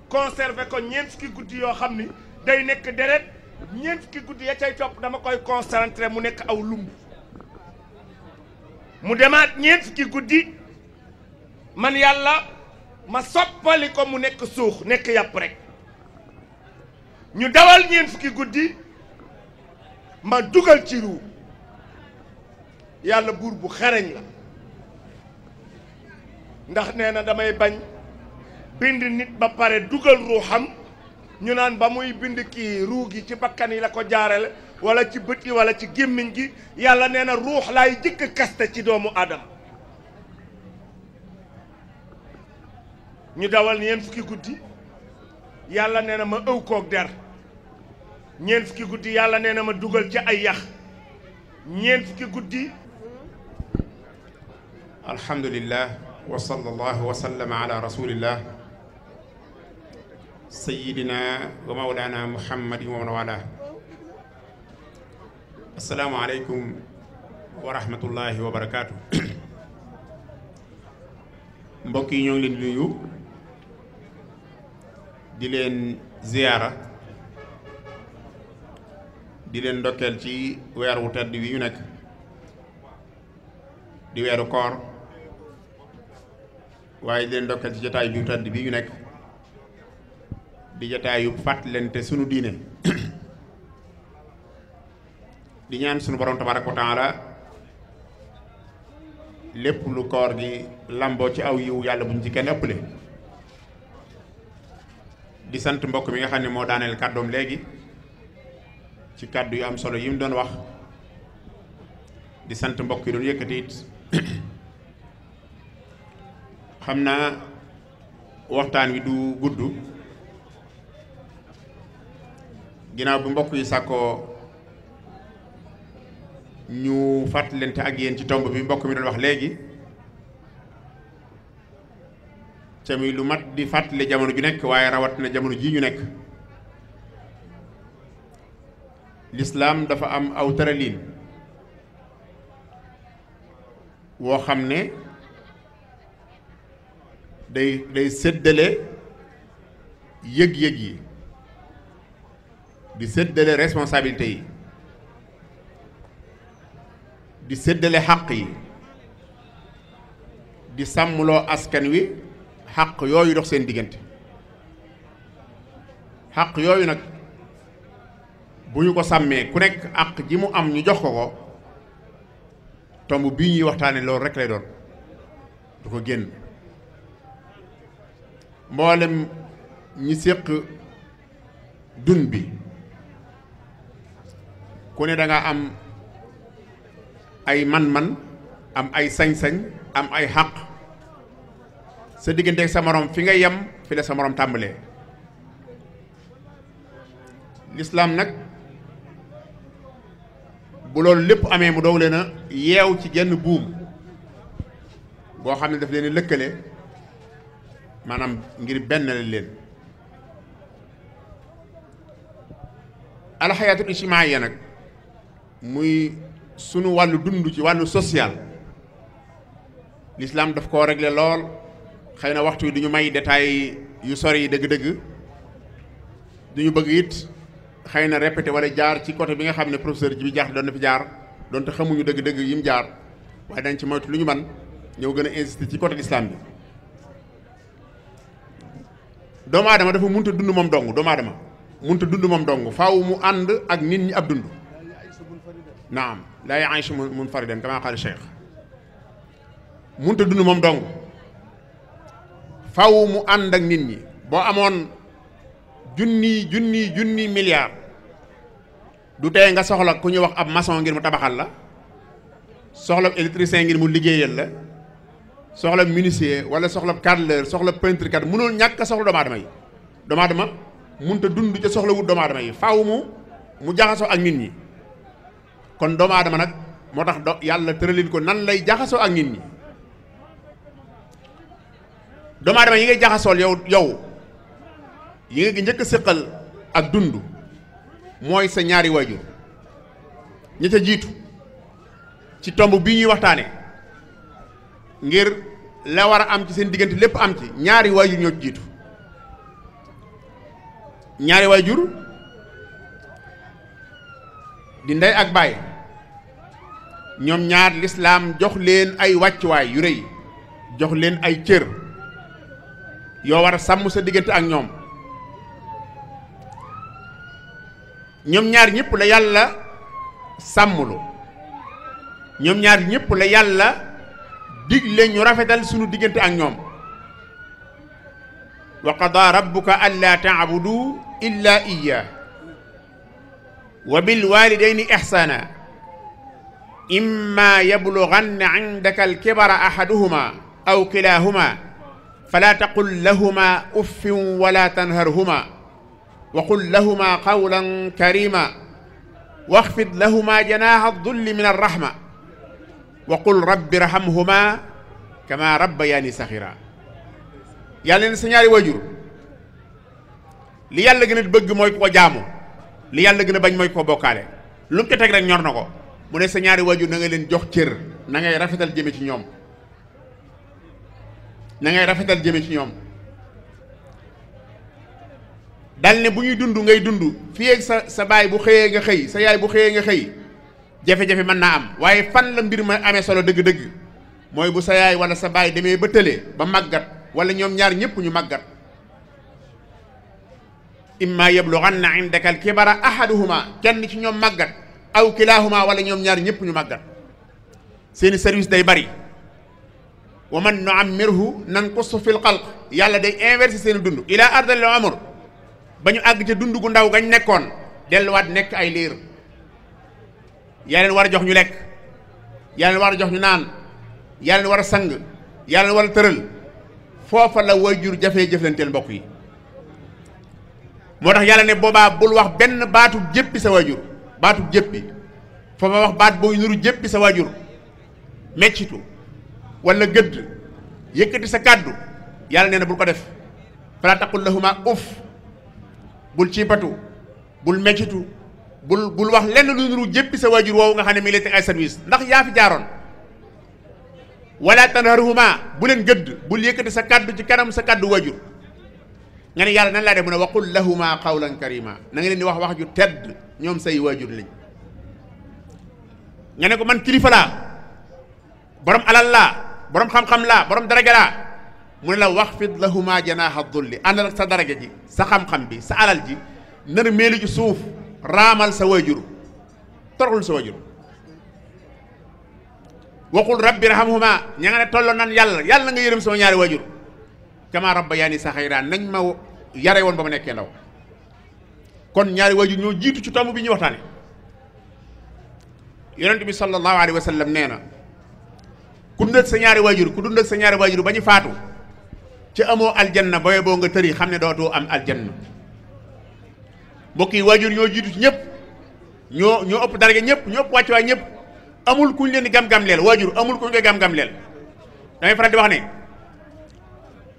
conservé ko ñeent fukki guddi yoo xam ni day nekk deret ñeent ki guddi ya cay topp dama koy concentré mu nekk aw lumb mu demaat ñeent fukki guddi man yàlla ma soppali ko mu nekk suux nekk yàpp rek ñu dawal ñeent fukki guddi ma dugal ci ruu yàlla buur bu xarañ la ndax nee na damay bañ bind nit ba pare dugal ruuxam ñu naan ba muy bind ki ruu gi ci bakkan yi la ko jaarale wala ci bët yi wala ci gémmiñ gi yàlla nee na ruux laay jëkk kaste ci doomu aadama ñu dawal ñeen fukki guddi yàlla nee na ma ëw koog der ñeen fukki guddi yàlla nee na ma dugal ci ay yax ñeen fukki guddi alhamdulillah wa sallallahu wa sallama ala rasulillah sayidina wa mawlana muhammadin wa man wala assalaamu aleykum wa rahmatullahi wa barakaatu [COUGHS] mbokk yi ñoo ngi nuyu di leen ziyaara di leen ndokkeel ci weeru tedd wi ñu nekk di weeru koor waaye di leen ndokkeel ci jataay bi tedd bi ñu nekk di jataay yu fàttalante sunu diine [CLEARS THROAT] di ñaan sunu borom tabaaraka wa lépp lu koor gi làmboo ci aw yiw yàlla buñ ci kenn ëppale di sant mbokk mi nga xam ne moo daaneel kàddoom léegi ci kàddu yu am solo yi mu doon wax di sant mbokk yi doon yëkkati it xam naa waxtaan wi du gudd ginnaaw bu mbokk yi sàkkoo ñu fàttalante ak yéen ci tomb bi mbokk mi doon wax léegi te muy lu mat di fàttali jamono ju nekk waaye rawat na jamono ji ñu nekk lislaam dafa am aw tëraliin woo xam ne day day séddale yëg-yëg yi di séddale responsabilité yi di séddale xàq yi di sàmmloo askan wi xaq yooyu dox seen diggante xaq yooyu nag bu ñu ko sàmmee ku nekk àq ji mu am ñu jox ko ko tomb bii ñuy waxtaane loolu rek lay doon du ko génn mboolem ñi séq dun bi ku ne da am ay man-man am ay sañ-sañ am ay xaq sa digganteeg sa moroom fi nga yem fi la sa morom tàmbalee lislaam nag bu loolu lépp amee mu doog leen a yeew ci genn buum boo xam ne daf leen lëkkale maanaam ngir benn leen alxayaatul ijtimaaya nag muy sunu wàllu dund ci wàllu social lislaam daf ko réglé lool xëy na waxtu wi du ñu may détails yu sori yi dëgg-dëgg du ñu bëgg it xëy na répété wala jaar ci côté bi nga xam ne professeur ji bi doon na fi jaar donte xamuñu dëgg-dëgg yi mu jaar waaye dañ ci moytu lu ñu man ñëw gën a insister ci côté l'islam bi doomu aadama dafa munta dund moom dong doomu aadama dund moom dong faaw mu ànd ak nit ñi ab dund naam laa yaishu munfaridan kama qaala cheikh munta dund moom dong faw mu ànd ak nit ñi boo amoon junni junni junni milliard du tee nga soxla ku ñu wax ab maçon ngir mu tabaxal la soxla électricien ngir mu liggéeyal la soxla menuisier wala soxla carreleur soxla peintre kat mënul ñàkk a soxla doomu aadama yi doomu aadama mënut a dund ca soxla wut doomu aadama yi faaw mu mu jaxasoo ak nit ñi kon doomu aadama nag moo tax do yàlla tëralil ko nan lay jaxasoo ak nit ñi doomu yi ngay jaxasool yow yow yi nga njëkk a séqal ak dund mooy sa ñaari waajur ña ca jiitu ci tomb bii ñuy waxtaane ngir la war a am ci seen diggante lépp am ci ñaari waajur ñoo jiitu ñaari waajur di ndey ak baay ñoom ñaar lislaam jox leen ay wàccuwaay yu rëy jox leen ay cër yow war a sa diggante ak ñoom ñoom ñaar ñëpp la yàlla sàmmlu ñoom ñaar ñëpp la yàlla digle ñu rafetal sunu diggante ak ñoom wa qada rabbuka alla taabudu illa iya wa bil walidayni ihsana imma yablughanna indaka alkibara ahaduhuma aw kilahuma falaa taqul lahuma uffin wala tanharhuma wa qul lahuma qawlan karima waxfid lahuma janaaha dulli min arrahma wa qul rabbi rahamhuma kama rabbayaani saxira yàlla ne sa ñaari waajur li yàlla gën a bëgg mooy ko jaamu li yàlla gën a bañ mooy ko bokkaale lu mu ca rek ñor na ko mu ne sañaari ñaari waajur na nga leen jox cër na ngay rafetal jëme ci ñoom na rafetal jëme ci ñoom dal ne bu ñuy dund ngay dund fii ak sa sa baay bu xëyee nga xëy sa yaay bu xëyee nga xëy jafe-jafe mën naa am waaye fan la mbir ma amee solo dëgg-dëgg mooy bu sa yaay wala sa baay demee ba tële ba màggat wala ñoom ñaar ñëpp ñu màggat imma yablughanna indaka al-kibara ahaduhuma kenn ci ñoom màggat aw kilaahuma wala ñoom ñaar ñëpp ñu màggat seeni service day bari wa man am nuammirhu nanqusu fil xalq yàlla day inversé seen dund ilaa ardalil umur ba ñu àgg ca dund gu ndaw gañ nekkoon delluwaat nekk ay liir yaa leen war a jox ñu lekk yaa leen war a jox ñu naan yaa leen war a sang yaa leen war a tëral foofa la waajur jafe jëflanteel mbokk yi moo tax yàlla ne boobaa bul wax benn baatu jéppi sa waajur baatu jéppi foofa wax baat booy nuru jéppi sa waajur meccitu wala gëdd yëkkati sa kàddu yàlla nee na bul ko def fala taqul lahuma uf bul ciipatu bul meccitu bul bul wax lenn lu nuru jéppi sa waajur woowu nga xam ne mii ngi lay ay service ndax yaa fi jaaroon wala tanharhuma bu leen gëdd bul yëkkati sa kàddu ci kanam sa kàddu waajur nga ne yàlla nan laa def mu ne waqul lahuma qawlan karima na nga leen di wax wax ju tedd ñoom say waajur lañ nga ne ko man kilifa laa borom alal laa borom xam-xam laa borom daraja laa mu ne la waxfid lahuma janaaha dulli àndal ak sa daraja ji sa xam-xam bi sa alal ji nar meelu ci suuf raamal sa waajur toroxul sa waajur waxul rabbi rahamhuma ña nga ne tolloo nan yàlla yàlla nga yërëm sama ñaari waajur kama rabbayaani saxiiraan nañ ma yare woon ba ma nekkee ndaw kon ñaari waajur ñoo jiitu ci tomb bi ñuy waxtaane yonent bi sallallahu alayhi wa nee na ku dund sa ñaari waajur ku dund ak sa ñaari waajur ba ñu faatu ci amoo aljanna booy boo nga tëri xam ne dootoo am aljanna mbokk yi waajur ñoo jiitu ci ñëpp ñoo ñoo ëpp daraja ñëpp ñoo ëpp wàccuwaay ñëpp amul kuñ leen di gam-gam leel waajur amul kuñ koy gam-gam leel damay faral di wax ne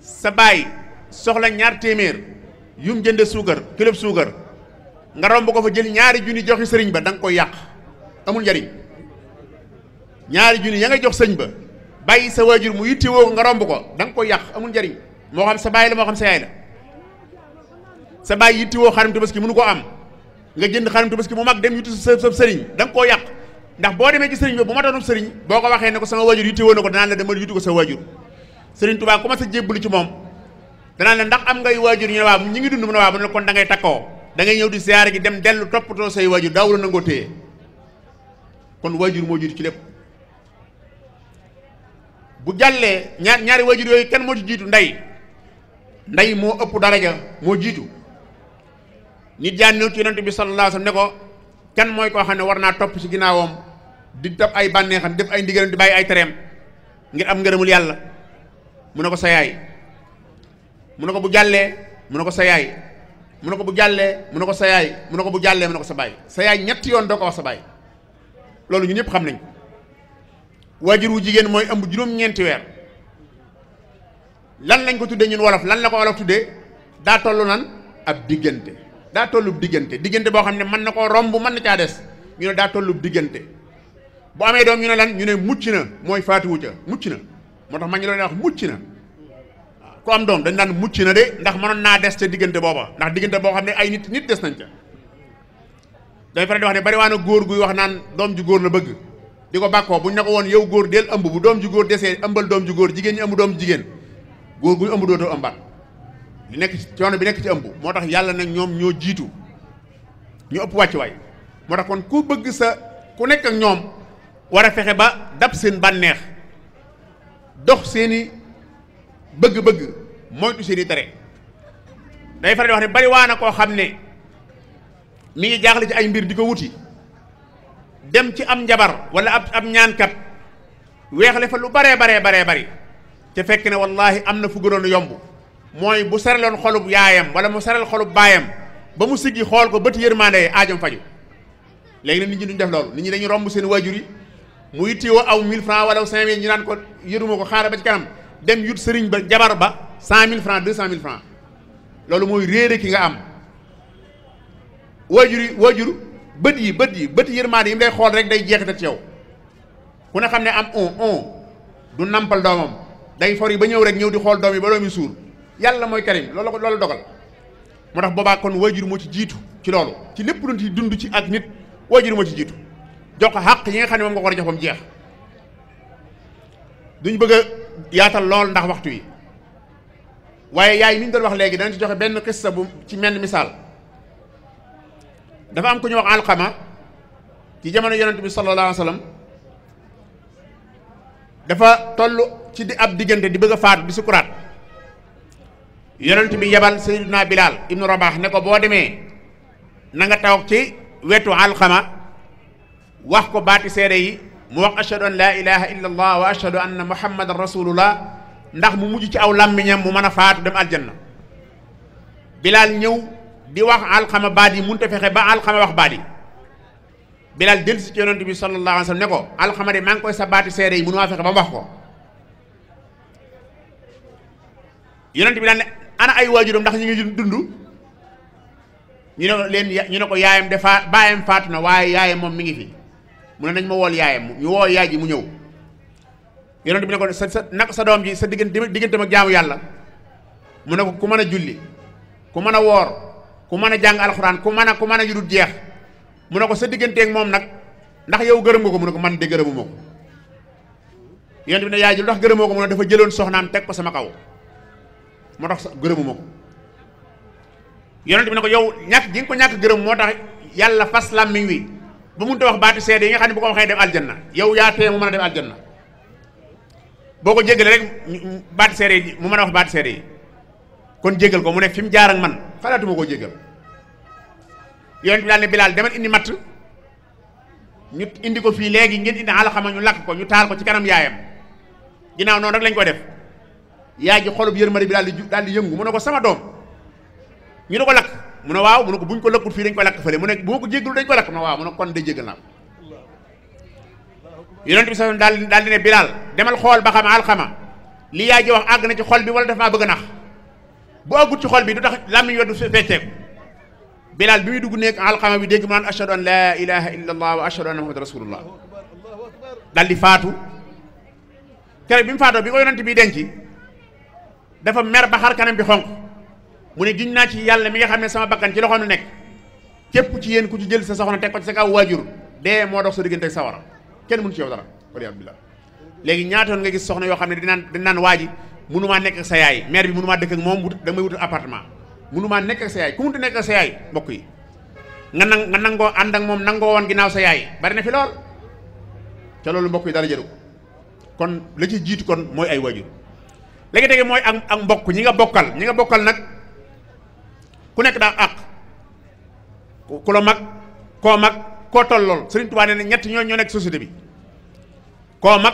sa baay soxla ñaar téeméer yum jënde suukar kilob suukar nga romb ko fa jël ñaari junni joxi sëriñ ba danga koy yàq amul njariñ ñaari junni ya nga jox sëñ ba bàyyi sa waajur mu yitte woo ko nga romb ko da nga koy yàq amul njariñ moo xam sa baay la moo xam sa yaay la sa baay yitte woo xarum tabaski mënu ko am nga jënd xarum tabaski mu mag dem yitte sa sa sëriñ da nga koo yàq ndax boo demee ci sëriñ bi bu ma doonum sëriñ boo ko waxee ne ko sama waajur yitte woo na ko danaan la demal yitte ko sa waajur sëriñ Tuubaa ku ma sa jébbalu ci moom danaan la ndax am ngay waajur ñu ne waaw ñi ngi dund mu ne waaw mu ne kon da ngay takkoo da ngay ñëw di siyaare ji dem dellu toppatoo say waajur daawul nangoo téye kon waajur moo jiitu ci lépp bu jàllee ñaar ñaari waajur yooyu kenn moo ci jiitu ndey ndey moo ëpp daraja moo jiitu nit jaan ñëw ci yonent bi sallallahu alayhi wasallam ne ko kenn mooy koo xam ne war naa topp ci ginnaawam di topp ay bànneexam def ay ndigalam di bàyyi ay tereem ngir am ngërëmul yàlla mu ne ko sa yaay mu ne ko bu jàllee mu ne ko sa yaay mu ne ko bu jàllee mu ne ko sa yaay mu ne ko bu jàllee mu ne ko sa baay sa yaay ñetti yoon doo ko wax sa baay loolu ñëpp xam nañ waajur wu jigéen mooy ëmb juróom-ñeenti weer lan lañ ko tuddee ñun wolof lan la ko wolof tuddee daa tollu nan ab diggante daa tollub diggante diggante boo xam ne mën na koo romb man na caa des ñu ne daa tollub diggante bu amee doom ñu ne lan ñu ne mucc na mooy faatiwu ca mucc na moo tax ma ñu doon wax mucc na waaw ku am doom dañ daan mucc na de ndax mënoon naa des ca diggante booba ndax diggante boo xam ne ay nit nit des nañ ca day faral di ne bari waa na góor guy wax naan doom ju góor la bëgg di ko bàkkoo bu ñu ne woon yow góor del ëmb bu doom ju góor desee ëmbal doom ju góor jigéen ñi ëmb doom jigéen góor gu ñu ëmb dootoo ëmbaat li nekk ci coono bi nekk ci ëmb moo tax yàlla nag ñoom ñoo jiitu ñu ëpp wàccuwaay moo tax kon ku bëgg sa ku nekk ak ñoom war a fexe ba dab seen bànneex dox seeni bëgg-bëgg moytu seeni tere day faral di wax ne bari waa na koo xam ne mi ngi jaaxle ci ay mbir di ko wuti dem ci am njabar wala ab ab ñaankat weexle fa lu baree baree baree bari te fekk ne wallaahi am na fu gënoon yomb mooy bu saraloon xolub yaayam wala mu saral xolub baayam ba mu siggi xool ko bët yërmaande aajam faju léegi nag nit ñi duñ def loolu nit ñi dañu romb seen waajur yi mu yittewoo aw 1000 francs wala 5000 ñu naan ko yëruma ko xaaral ba ci kanam dem yut sëriñ ba jabar ba 100000 francs 200000 francs loolu mooy réere ki nga am waajur yi waajur bët yi bët yi bët yërmaande yi mu day xool rek day jeexital ci yow ku ne xam ne am on on du nampal doomam day for yi ba ñëw rek ñëw di xool doom yi ba doom yi suur yàlla mooy karim loolu loolu dogal moo tax boobaa kon waajur moo ci jiitu ci loolu ci lépp lu ci dund ci ak nit waajur moo ci jiitu jox ko xàq yi nga xam ne moom nga ko war a mu jeex duñ bëgg a yaatal lool ndax waxtu yi waaye yaay ni ñu doon wax léegi danañ ci joxe benn xissa bu ci menn misaal. dafa am ku ñu wax alxama ci jamono yonent bi sallallahu alayhi wa sallam dafa toll ci di ab diggante di bëgg faatu di sukuraat yonent bi yebal sayyidina Bilaal ibnu Rabax ne ko boo demee na nga taw ci wetu alxama wax ko baati seere yi mu wax ashhadu an laa ilaha illa allah wa ashhadu anna muhammadan rasulullah ndax mu mujj ci aw làmmiñam mu mën a faatu dem aljanna Bilaal ñëw di wax alxama baat yi mun a fexe ba alxama wax baat yi Bilaal dellusi ci yonent bi sallallahu alayhi wa sallam ne ko alxama maa ngi koy sa baati seere yi mënu maa fexe ba mu wax ko yonent bi daan ne ana ay waajuram ndax ñu dund ñu ne leen ñu ne ko yaayam de faat baayam faatu na waaye yaayam moom mi ngi fi mu ne nañ ma wool yaayam ñu woo yaay ji mu ñëw yonent bi ne ko sa sa nag sa doom ji sa diggante digganteem ak jaamu yàlla mu ne ko ku mën a julli ku mën a woor ku mën a jàng alxuraan ku mën a ku mën a yudut jeex mu ne ko sa digganteek moom nag ndax yow gërëm nga ko mu ne ko man de gërëmu ma ko yonent bi ne yaay ji lu ko mu ne dafa jëloon soxnaam teg ko sama kaw moo tax gërëmu ma ko yonent bi ne ko yow ñàkk gi ko ñàkk gërëm moo tax yàlla fas làmmiñ wi ba mënut a wax baati seede yi nga xam ne bu ko waxee dem aljanna yow yaa tee mu mën a dem aljanna boo ko jégalee rek baati seede yi mu mën a wax baati seede yi. kon jégal ko mu ne fi mu jaar man xalaatuma koo jégal yonent bi daal ne bilaal demal indi matt ñu indi ko fii léegi ngeen indi alaxama ñu lakk ko ñu taal ko ci kanam yaayam ginnaaw noonu rek lañ koo def yaay ji xolub yërmande bi daal di ju daal di yëngu mu ne ko sama doom ñu ne ko lakk mu ne waaw mu ne ko buñ ko lakkut fii dañ ko lakk fële mu ne boo ko jégalu dañ ko lakk mu ne waaw mu ne kon de jégal naa ko yonent bi sax daal daal di ne bilaal demal xool ba xam alxama li yaay ji wax àgg na ci xol bi wala dafa bëgg a bu àggut ci xol bi du tax làmmiñ wa du fecceeku bilaal bi muy dugg nekk alxama bi dégg mu naan ashhadu an laa ilaha illa wa ashhadu anna muhammad rasulullah dal di faatu kere bi mu faatoo bi ko yonent bi denc dafa mer ba xar kanam bi xonq mu ne giñ naa ci yàlla mi nga xam ne sama bakkan ci loxo nu nekk képp ci yéen ku ci jël sa soxna te ko sa kaw waajur dee moo dox sa diggante ak sawara kenn mënu ci yow dara waliyaadu billah léegi ñaatoon nga gis soxna yoo xam ne dinaan dinaan waaji munu maa nekk ak sa yaay maire bi mënumaa dëkk ak moom da may apartement appartement mënumaa nekk ak sa yaay ku mënut nekk sa yaay mbokk yi nga nang nga nangoo ànd ak moom nangoo woon ginnaaw sa yaay bari na fi lool ca loolu mbokk yi dara jëru kon la ci jiitu kon mooy ay wajur léegi tege mooy ak ak mbokk ñi nga bokkal ñi nga bokkal nag ku nekk daa àq ku la mag koo mag koo tollool Sëriñ Tuubaa nee na ñett ñoo ñoo nekk société bi koo mag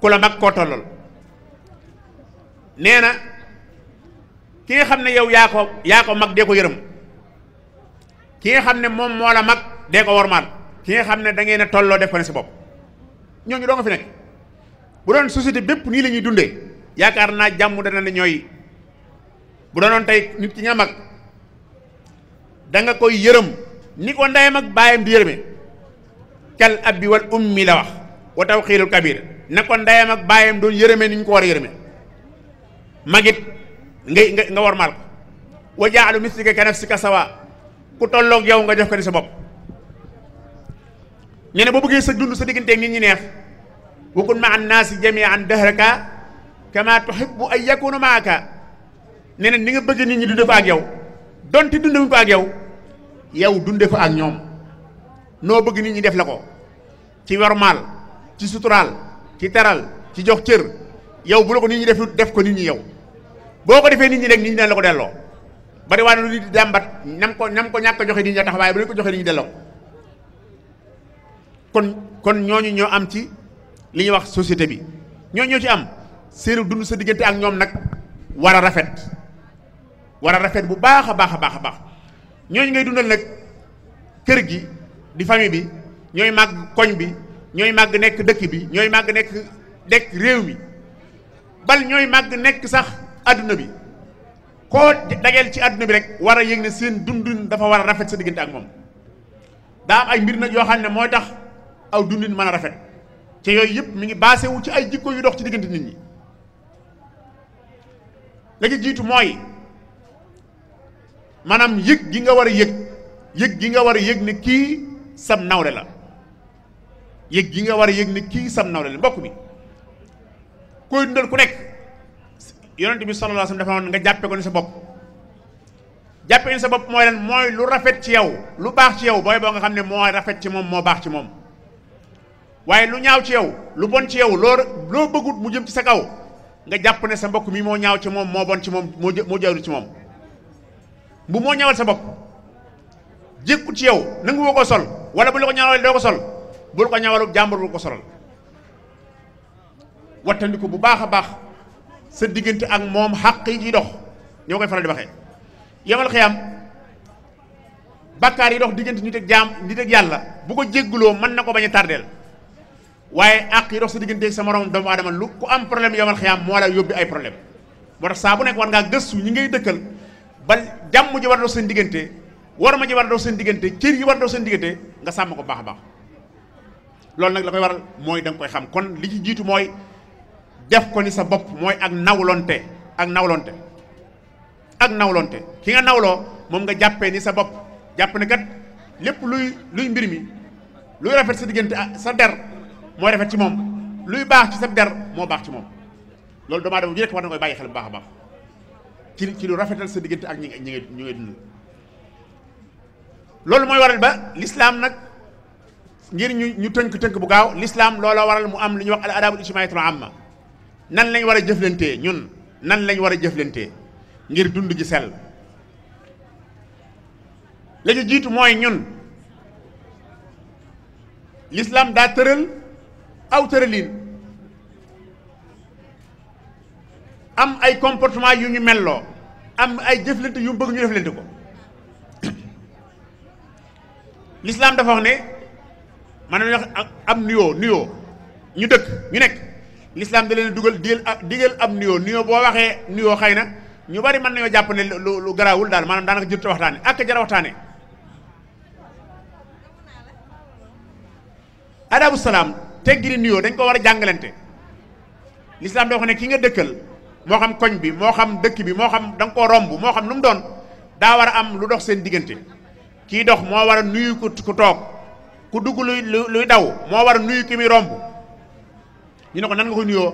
ku la mag nee na ki nga xam ne yow yaa ko mag dee ko yërëm ki nga xam ne moom moo la mag dee ko wormaal ki nga xam ne dangeen ngeen a tolloo def ko ne si bopp ñooñu doo nga fi nekk bu doon société bépp nii lañuy ñuy dundee yaakaar naa jàmm dana ne ñooy bu doonoon tey nit ki ña mag danga koy yërëm ni ko ndeyam ak baayam di yërëme kal abbi wal ummi la wax wa tawxiilul kabir na ko ndeyam ak baayam doon yërëme ni ñu ko war a yërëme magit ngay nga war maal ko wa jaalu mislika ka nafsika sawa ku tolloog yow nga jox ko sa bopp ñu ne boo bëggee sa dund sa digganteeg nit ñi neex wa kun ma an naasi jamian dahraka kama tuhibbu an yakunu maaka nee na ni nga bëgg nit ñi dunde fa ak yow donte dunde ko ak yow yow dunde fa ak ñoom noo bëgg nit ñi def la ko ci war maal ci suturaal ci teral ci jox cër yow bu la ko nit ñi def def ko nit ñi yow boo ko defee nit ñi rek nit ñi dañ la ko delloo bari waa ne lu di dàmbat nam ko nam ko ñàkk joxe nit ñi tax waaye bu ñu ko joxee nit ñi delloo kon kon ñooñu ñoo am ci li ñuy wax société bi ñoo ñoo ci am seenu dund sa diggante ak ñoom nag war a rafet war a rafet bu baax a baax a baax a baax ñooñu ngay dundal nag kër gi di fami bi ñooy màgg koñ bi ñooy màgg nekk dëkk bi ñooy màgg nekk nekk réew mi bal ñooy màgg nekk sax àdduna bi koo dageel ci àdduna bi rek war a yëg ne seen dundin dafa war a rafet sa diggante ak moom daa am ay mbir nag yoo xam ne mooy tax aw dundin mën a rafet te yooyu yëpp mi ngi basé wu ci ay jikko yu dox ci diggante nit ñi la jiitu mooy maanaam yëg gi nga war a yég yég gi nga war a yëg ne kii sam nawle la yëg gi nga war a yég ne kii sam nawle la mbokk mi koy dundal ku nekk yonent bi sallallahu alayhi wasallam dafa nga jàppe ko ni sa bopp jàppe ni sa bopp mooy lan lu rafet ci yow lu baax ci yow booy boo nga xam ne moo rafet ci moom moo baax ci moom waaye lu ñaaw ci yow lu bon ci yow loo loo bëggut mu jëm ci sa kaw nga jàpp ne sa mbokk mi moo ñaaw ci moom moo bon ci moom moo moo jaru ci moom bu moo ñaawal sa bopp jékku ci yow nangu woo ko sol wala bu la ko ñaawal doo ko sol bul ko ñaawal jàmbur bul ko solal wattandiku bu baax a baax sa diggante ak moom xàq yi dox ñoo koy faral di waxee yamal xiyam bàkkaar yi dox diggante nit ak jaam nit ak yàlla bu ko jégguloo mën na ko bañ a tardeel waaye àq yi dox sa diggante ak sa moroom doomu aadama lu ku am problème yamal xiyam moo la yóbbi ay problème moo saa bu nekk war ngaa gëstu ñi ngay dëkkal ba jàmm ji war a dox seen diggante war ma ji war a dox seen diggante cër yi war seen diggante nga sàmm ko baax a baax loolu nag la koy waral mooy da koy xam kon li ci jiitu mooy jaf ko ni sa bopp mooy ak nawlonte ak nawlonte ak nawlonte ki nga nawloo moom nga jàppee ni sa bopp jàpp ne kat lépp luy luy mbir mi luy rafet sa diggante ah, sa der mooy rafet ci moom luy baax ci sa der moo baax ci moom loolu doomu aadama ju nekk war na koy bàyyi baax a baax ci ci lu rafetal sa diggante ak ñi nga ñi nga ñu ngay dund loolu mooy waral ba lislaam nag ngir ñu ñu tënk-tënk bu gaaw lislaam looloo waral mu am lu ñuy wax al adabul ijtimaiyatul amma nan lañ war a jëflantee ñun nan lañ war a jëflantee ngir dund gi sell la ñu jiitu mooy ñun l'islam daa tërël aw tëraliin am ay comportement yu ñu melloo am ay jëflante yu bëgg ñu jëflante ko l'islam dafa wax ne maanaam wax am nuyoo nuyoo ñu dëkk ñu nekk l'islam da leen dugal digal digal ab nuyoo nuyoo boo waxee nuyoo xëy na ñu bari mën nañoo jàpp ne lu lu garaawul daal maanaam daanaka jërta waxtaane ak jara waxtaane adabu salaam teggini nuyoo dañ ko war a jàngalante l'islam doo xam ne ki nga dëkkal moo xam koñ bi moo xam dëkk bi moo xam danga nga koo romb moo xam nu mu doon daa war a am lu dox seen diggante kii dox moo war a nuyu ku toog ku dugg luy luy daw moo war a nuyu ki muy romb ñu ne ko nan nga ko nuyoo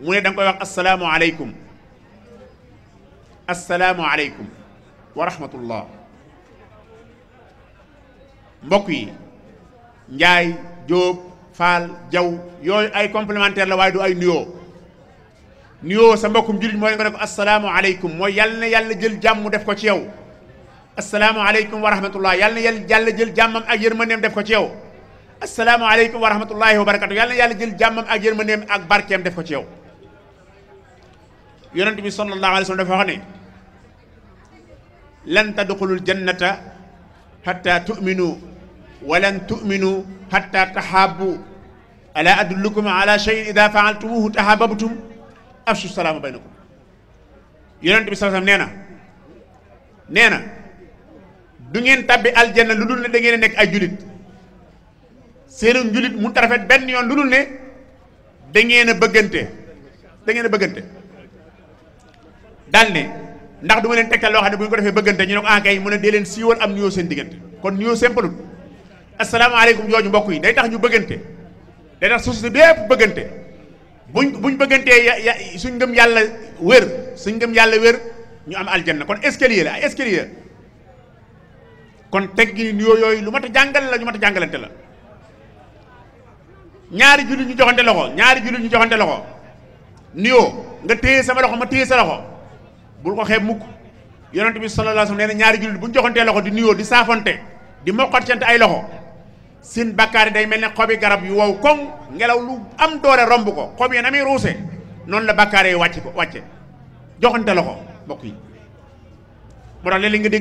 mu ne da koy wax asalaamu aleykum asalaamu aleykum wa rahmatullah mbokk yi njaay jóob faal jaw yooyu ay complémentaire la waaye du ay nuyoo nuyoo sa mbokkum jullit mooy nga ne ko asalaamu aleykum mooy yàlla na yàlla jël jàmm def ko ci yow asalaamu aleykum wa rahmatullah yàlla na yàlla jël jàmmam ak yërmandeem def ko ci yow asalaamaaleykum wa rahmatullahi wa barakatu yàlla na yàlla jël jàmmam ak yërmandeem ak barkeem def ko ci yow yonent bi sallallahu alayhi wa sallam dafa wax ne lan tadxulul jannata xatta tuminu walan tuminu xatta taxaabu ala adullukum ala cheyin ida faaltumuhu taxaababtum afshu salaama baynakum yonent bi sallallahu alayhi wa sallam nee na nee na du ngeen tabbi aljanna lu dul ne da ngeen nekk ay julit seenu njulit mënut a rafet benn yoon lu dul ne da ngeen a bëggante dangeen ngeen a bëggante daal ne ndax du ma leen tegtal loo xam ne bu ñu ko defee bëggante ñu ne ko ah kay mu ne dee leen siiwal am nuyoo seen diggante kon nuyoo simple asalaamaaleykum jooju mbokk yi day tax ñu bëggante day tax société bépp bëggante buñ buñ bëggantee suñ ngëm yàlla wér suñ ngëm yàlla wér ñu am aljanna kon escalier la ay escalier kon teg gi nuyoo yooyu lu mat a la ñu mat a jàngalante la. ñaari jullit ñu joxante loxo ñaari jullit ñu joxante loxo nuyoo nga téye sama loxo ma téye sa loxo bul ko xeeb mukk yonent bi sallallahu alayhi wasallam ñaari jullit bu ñu joxantee loxo di nuyoo di saafonte di moqatante ay loxo seen bakkaar day mel ne xobi garab yu wow koŋ ngelaw lu am doole romb ko xob yi na muy ruuse noonu la bakkaar yi wàcc ko wàcce joxante loxo mbokk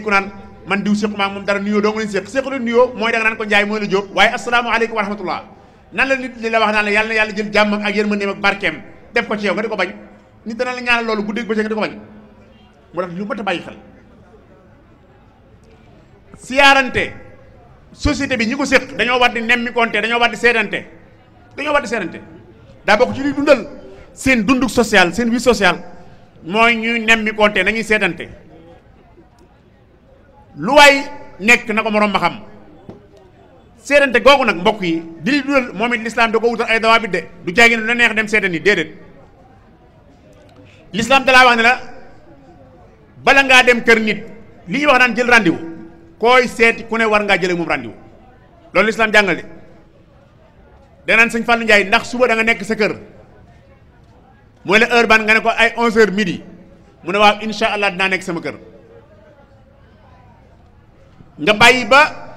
ko naan man diw séqu maa moom dara nuyoo doo nga leen séq séq lu nuyoo mooy da nga nan la nit li la wax naa la yàlla yàlla jël jàmm ak yërmandeem ak barkeem def ko ci yow nga di ko bañ nit dana la ñaanal loolu guddeeg bëccëg nga di ko bañ mu def lu mat a bàyyi xel siyaarante société bi ñi ko séq dañoo war di nemmi konte dañoo war di seedante dañoo war di seedante ci liy dundal seen dunduk social seen vie sociale mooy ñuy nemmi konte nañuy seedante lu waay nekk na ko moroom ma xam seedante googu nag mbokk yi di li dudal moom it lislaam da ko wutal ay dawaabit de du jaagi ne neex dem seetan yi déedéet lislaam dalaa wax ne la bala ngaa dem kër nit li ñuy wax naan jël rendez-vous kooy seeti ku ne war ngaa jëlee moom rendez loolu lislaam jàngal de danaan sëñ Fallou Ndiaye ndax suba da nekk sa kër mooy la heure ban nga ne ko ay 11h midi mu ne waaw incha allah dinaa nekk sama kër nga bàyyi ba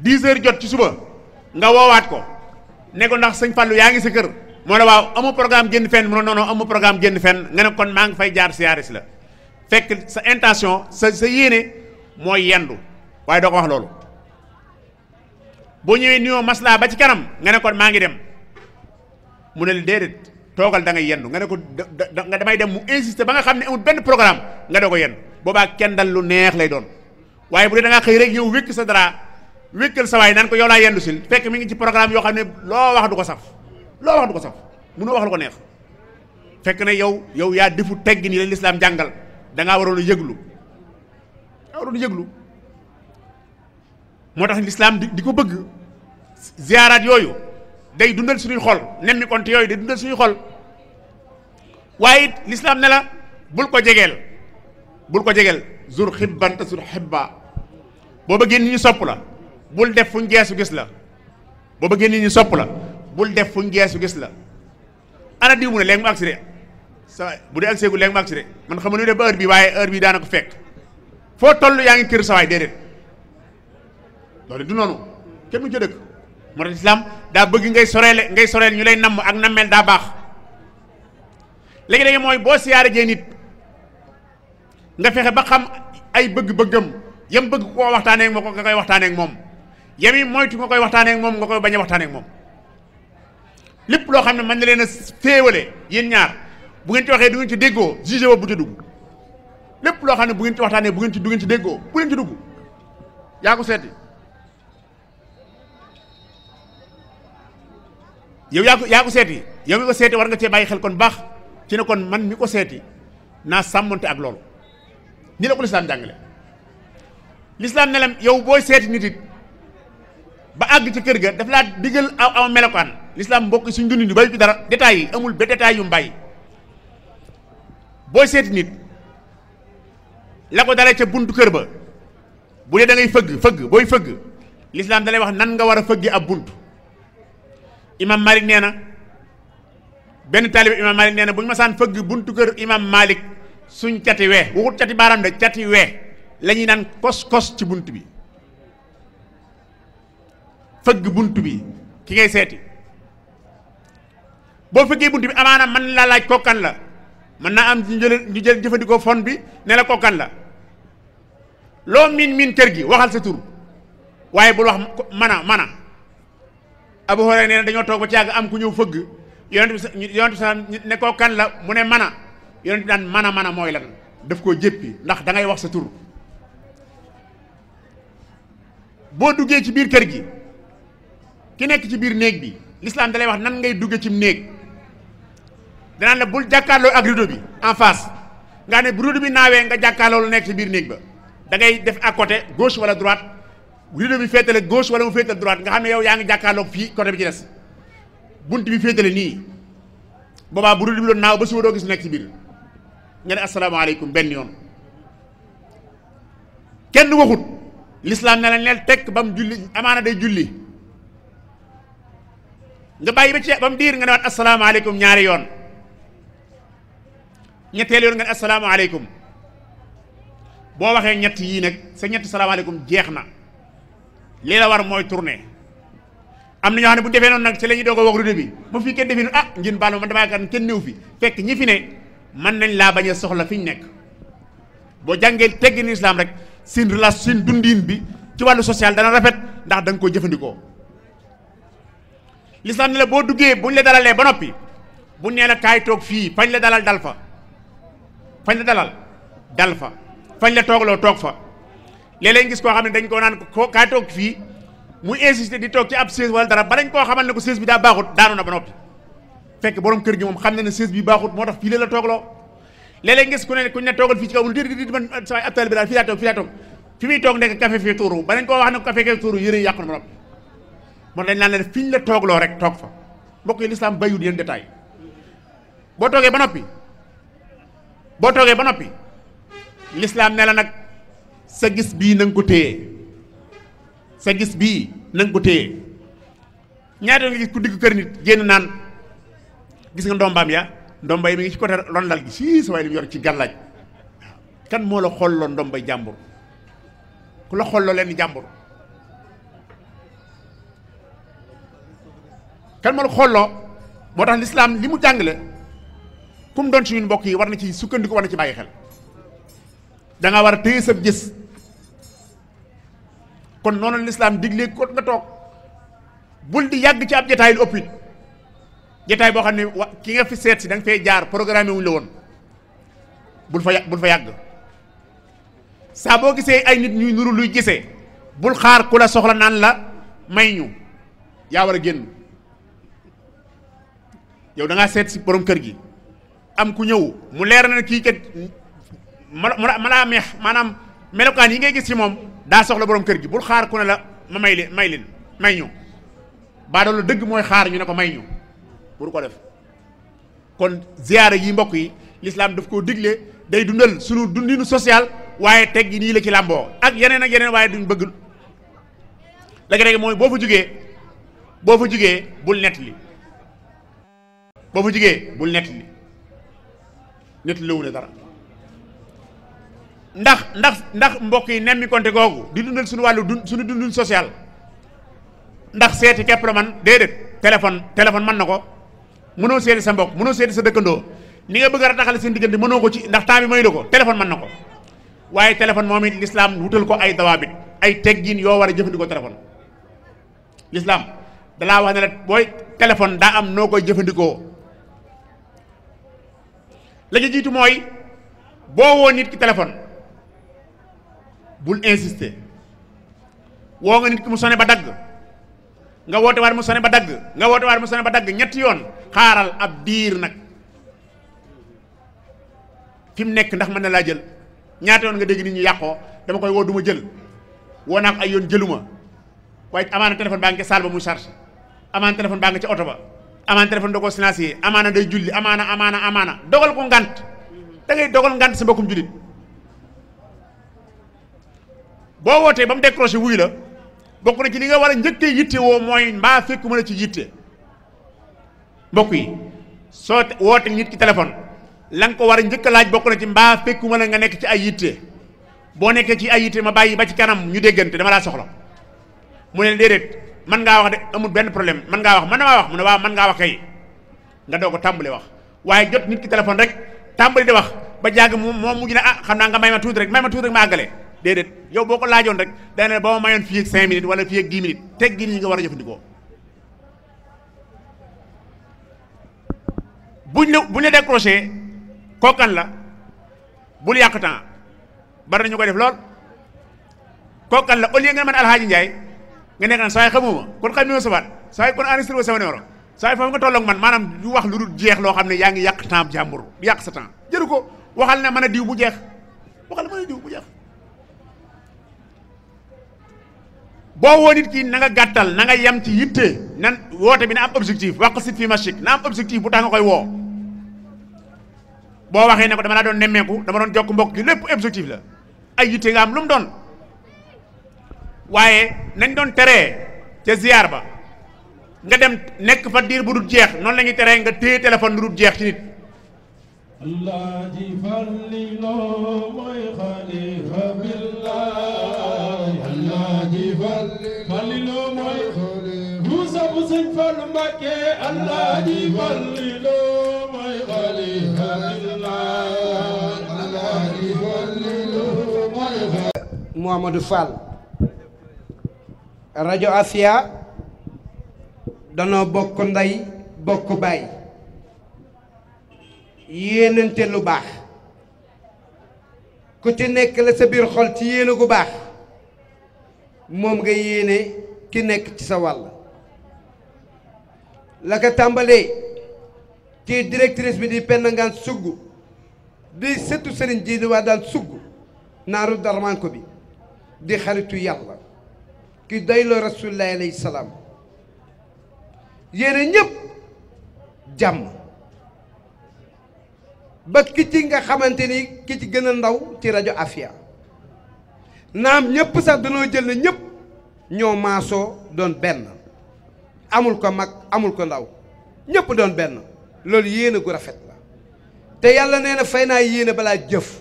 dix jot ci suba nga woowaat ko ne ko ndax sëñ Fallou yaa ngi sa kër moo la waaw amu programme génn fenn mu ne non amu programme génn fenn nga ne kon maa ngi fay si la fekk sa intention sa sa yéene mooy yendu waaye doo ko wax loolu boo ñëwee nuyoo maslaa ba ci kanam nga ne kon maa ngi dem mu ne la déedéet toogal da ngay yendu nga ne ko nga damay dem mu insister ba nga xam ne amul benn programme nga doo ko yendu boobaa kenn dal lu neex lay doon waaye bu dee da xëy rek ñëw wékk sa dara wékkal sawaay naan ko yow laa yendu sil fekk mi ngi ci programme yoo xam ne loo wax du ko saf loo wax du ko saf mënoo wax lu ko neex fekk na yow yow yaa defu teggin yi la lislaam jàngal dangaa waroon a yëglu yaa waroon a yëglu moo tax lislaam di ko bëgg ziyaaraat yooyu day dundal suñuy xol nemmi konte yooyu day dundal suñuy xol waaye it lislaam ne bul ko jegeel bul ko jegeel zur xibban te zur xibba boo bëggee nit sopp la bul def fuñ jeesu gis la boo bëggee nit ñi sopp la bul def fuñ geesu gis la ana diw mu ne léegi mu agsi de sa bu dee agsi gu léegi mu agsi de man xam nu def ba heure bi waaye heure bi daana ko fekk foo toll yaa ngi kër sawaay déedéet loolu du noonu kenn mu jë dëkk moo tax islam daa bëgg ngay soreel ngay soreel ñu lay namm ak nammeel daa baax léegi-léegi mooy boo siyaare jee nit nga fexe ba xam ay bëgg-bëggam yam bëgg koo waxtaanee ak ko nga koy waxtaanee moom yami moytu nga koy waxtaanee moom nga koy bañ a waxtaanee moom lépp loo xam ne mën na leen a féewale ñaar bu ngeen ci waxee du ngeen ci déggoo jugé boobu bu ci dugg lépp loo xam ne bu ngeen ci waxtaanee bu ngeen ci du ngeen ci déggoo bu leen yaa ko seeti yow yaa ko seeti yow mi ko seeti war nga cee bàyyi xel kon baax ci ne kon man mi ko seeti naa sàmmante ak loolu ni la ko lislaam jàngale lislaam ne lam yow booy seeti nit ba àgg ci kër ga daf laa digal aw aw melokaan l'islam mbokk suñ dund ñu bayu ci dara détails yi amul ba détails yu mu bàyyi booy seeti nit la ko dalee ca buntu kër ba bu dee da fëgg fëgg booy fëgg l'islam da wax nan nga war a fëggi ab bunt imam Malik nee na benn taalibe imam Malik nee na bu ñu masaan fëgg buntu kër imam Malik suñ cati wee waxut cati baaraam de cati wee la naan kos kos ci bunt bi fëgg bunt bi ki ngay seeti boo fëggee bunt bi amaana mën laa laaj kookan la mën naa am ñu jël jël jëfandikoo fon bi ne la kookan la loo miin miin kër gi waxal sa tur waaye bul wax mana mana Abu Hurayra nee na dañoo toog ba càgg am ku ñëw fëgg yonent bi yonent bi salaam ne kookan la mu ne mana yonent bi daan mana mana mooy lan daf koo jéppi ndax dangay wax sa tur boo duggee ci biir kër gi ki nekk ci biir néeg bi l'islam dalay wax nan ngay dugge ci néeg danaan la bul jàkkaarloo ak rideau bi en face nga ne bu rideau bi naawee nga jàkkaarloo lu nekk ci biir néeg ba dangay ngay def à côté gauche wala droite rideau bi féetale gauche wala mu féetale droite nga xam ne yow yaa ngi jàkkaarloog fii côté bi ci des bunt bi féetale nii boobaa bu rideau bi doon naaw ba suba doo gis nekk ci biir nga ne asalaamaaleykum benn yoon kenn waxut l'islam ne la neel tekk ba mu julli amaana day julli nga bàyyi ba ci ba mu diir nga ne waat asalaamaaleykum ñaari yoon ñetteel yoon nga ne asalaamaaleykum boo waxee ñett yii nag sa ñetti salaamaaleykum jeex na lii la war mooy tournée am na ñoo xam ne bu defee noonu nag ci la ñuy doog ko wax rude bi bu fi kenn defee nu ah ngeen baal ma man damaa kan kenn néew fi fekk ñi fi ne mën nañ laa bañ soxla fi ñu nekk boo jàngee teggin islam rek seen relation seen dundin bi ci wàllu social dana rafet ndax da nga jëfandikoo. lislaam ne la boo duggee bu buñ la dalalee ba noppi buñ nee la kaay toog fii fañ la dalal dal fa fañ la dalal dal toog fa léeg-léeg koo xam ne dañ koo naan ko kaay toog fii mu insisté di toog ci koo daa baaxut daanu ba noppi fekk borom kër gi moom xam ne ne sées bi baaxut moo tax fii la la toogloo léeg-léeg gis ku ne kuñ ne toogal fii ci kaw mu déedéet déedéet man sama ab taal bi daal fii laa toog fii laa toog fi muy toog nekk café fii tuuru ba dañ koo wax ne café kee tuuru yëre yàqu na moo dañ naan leen fi ñu la toog loo rek toog fa mbokk yi lislaam bayut yéen détail boo toogee ba noppi boo toogee ba noppi lislaam ne la nag sa gis bii na ko téye sa gis bii na nga ko téye ñaata nga gis ku digg kër nit génn naan gis nga ndombaam ya ndomba yi mi ngi ci côté rondal gi sii sa waay li yor ci gàllaaj kan moo la xolloo ndombay jàmbur ku la xolloo leen jàmbur kenn mënu xolloo moo tax lislaam li mu jàngale kum doon ci ñun mbokk yi war na ci sukkandiku war na ci bàyyi xel danga war a téye sa jës kon noonu lislaam digle ko nga toog bul di yàgg ci ab jataay lu ëpp boo xam ne wa ki nga fi seet si da nga jaar programme wuñu la woon bul fa bul fa yàgg saa boo gisee ay nit ñuy nuru luy gisee bul xaar ku la soxla naan la may ñu yaa war a génn yow da ngaa seet si borom kër gi am ku ñëw mu leer na kii kat ma ma laa meex maanaam melokaan yi ngay gis ci moom daa soxla borom kër gi bul xaar ku ne la ma may leen may leen may ñu la dëgg mooy xaar ñu ne ko may ñu pour ko def kon ziyaara yi mbokk yi lislaam daf koo digle day dundal sunu dundinu social waaye teg gi nii la ci làmboo ak yeneen ak yeneen waaye duñ bëgg léegi mooy boo fa jugee boo fa jugee bul nett li boo fa jigee bul nett li nett léwu la dara ndax ndax ndax mbokk yi nemmi konte googu di dundal suñu wàllu dund suñu dundun social ndax seeti képp la man déedéet téléphone téléphone mën na ko mënoo seeti sa mbokk mënoo seeti sa dëkkandoo ni nga bëgg a rataxale seen diggante mënoo ko ci ndax temps bi may ko téléphone mën na ko waaye téléphone moom it lislaam wutal ko ay dawaabit ay teggin yoo war a jëfandikoo téléphone lislaam dalaa wax ne la booy téléphone daa am noo koy jëfandikoo la ca jiitu mooy boo woo nit ki téléphone bul insister woo nga nit ki mu sone ba dagg nga woote waat mu sone ba dagg nga woote waat mu sone ba dagg ñetti yoon xaaral ab biir nag fi mu nekk ndax mën na laa jël ñaata yoon nga dégg nit ñi yàqoo dama koy woo du ma jël woo naa ay yoon jëluma waaye amaana téléphone baa nga ca saal ba muy charge amaana téléphone baa nga ca oto ba amaana téléphone da koo silencier amaana day julli amaana amaana amaana dogal ko ngant da ngay dogal ngant sa mbokkum jullit boo wootee ba mu décroché wuy la bokk na ci li nga war a njëkkee yitte woo mooy mbaa fekk mën ci yitte mbokk yi soo woote nit téléphone la nga ko war a njëkk laaj bokk na ci mbaa fekkuma la nga nekk ci ay yitte boo nekkee ci ay yitte ma bàyyi ba ci kanam ñu déggante dama laa soxla mu ne déedéet man ngaa wax de amul benn problème man ngaa wax man maa wax mu ne waaw man ngaa wax kay nga doog ko tàmbali wax waaye jot nit ki téléphone rek tàmbali di wax ba jàgg moom moo mujj na ah xam naa nga may ma tuuti rek may ma tuuti rek ma àggale déedéet yow boo ko laajoon rek day ne ba ma mayoon fii ak 5 minutes wala fii ak 10 minutes teg gi nii nga war a jëfandikoo. buñ la buñ la décroché kookan la bul yàq temps bari nañu koy def loo kookan la au lieu nga mën Alxaaji Njaay nga nekk naan saa yi xamuma kon xam nga sa baat saa yi kon enregistré sama numéro saa yi foofu nga tolloog man maanaam du wax lu dul jeex loo xam ne yaa ngi yàq temps jàmbur du yàq sa temps jëru ko waxal ne mën a diw bu jeex waxal mën a diw bu jeex boo woo nit kii na nga gàttal na nga yem ci yitte nan woote bi na am objectif wax sit fi machik na am objectif bu tax nga koy woo boo waxee ne ko dama laa doon nemmeeku dama doon jokk mbokk gi lépp objectif la ay yitte nga am mu doon waaye nañ doon teree ca ziyaar ba nga dem nekk fa diir bu dul jeex noonu la ñuy nga téye téléphone lu dul jeex ci nit. Allah ji falli loo loo mooy xalifa billaay Allah ji falli loo rajo Afia danoo bokk ndey bokk baay yéenante lu baax ku ci nekk la sa biir xol ci yéene gu baax moom nga yéene ki nekk ci sa wàll laka ko tàmbalee ci directrice bi di penn ngaan sugg di sëtu sëriñ ji di waa daan sugg naaru darmanko bi di xaritu yàlla ki doyloo rasulillahi alayhi salaam yéene ñëpp jàmm ba ki ci nga xamante ni ki ci gën a ndaw ci rajo Afia naam ñépp sax dañoo jël ne ñëpp ñoo maasoo doon benn amul ko mag amul ko ndaw ñëpp doon benn loolu yéene gu rafet la te yàlla nee na fay naa yéene balaa jëf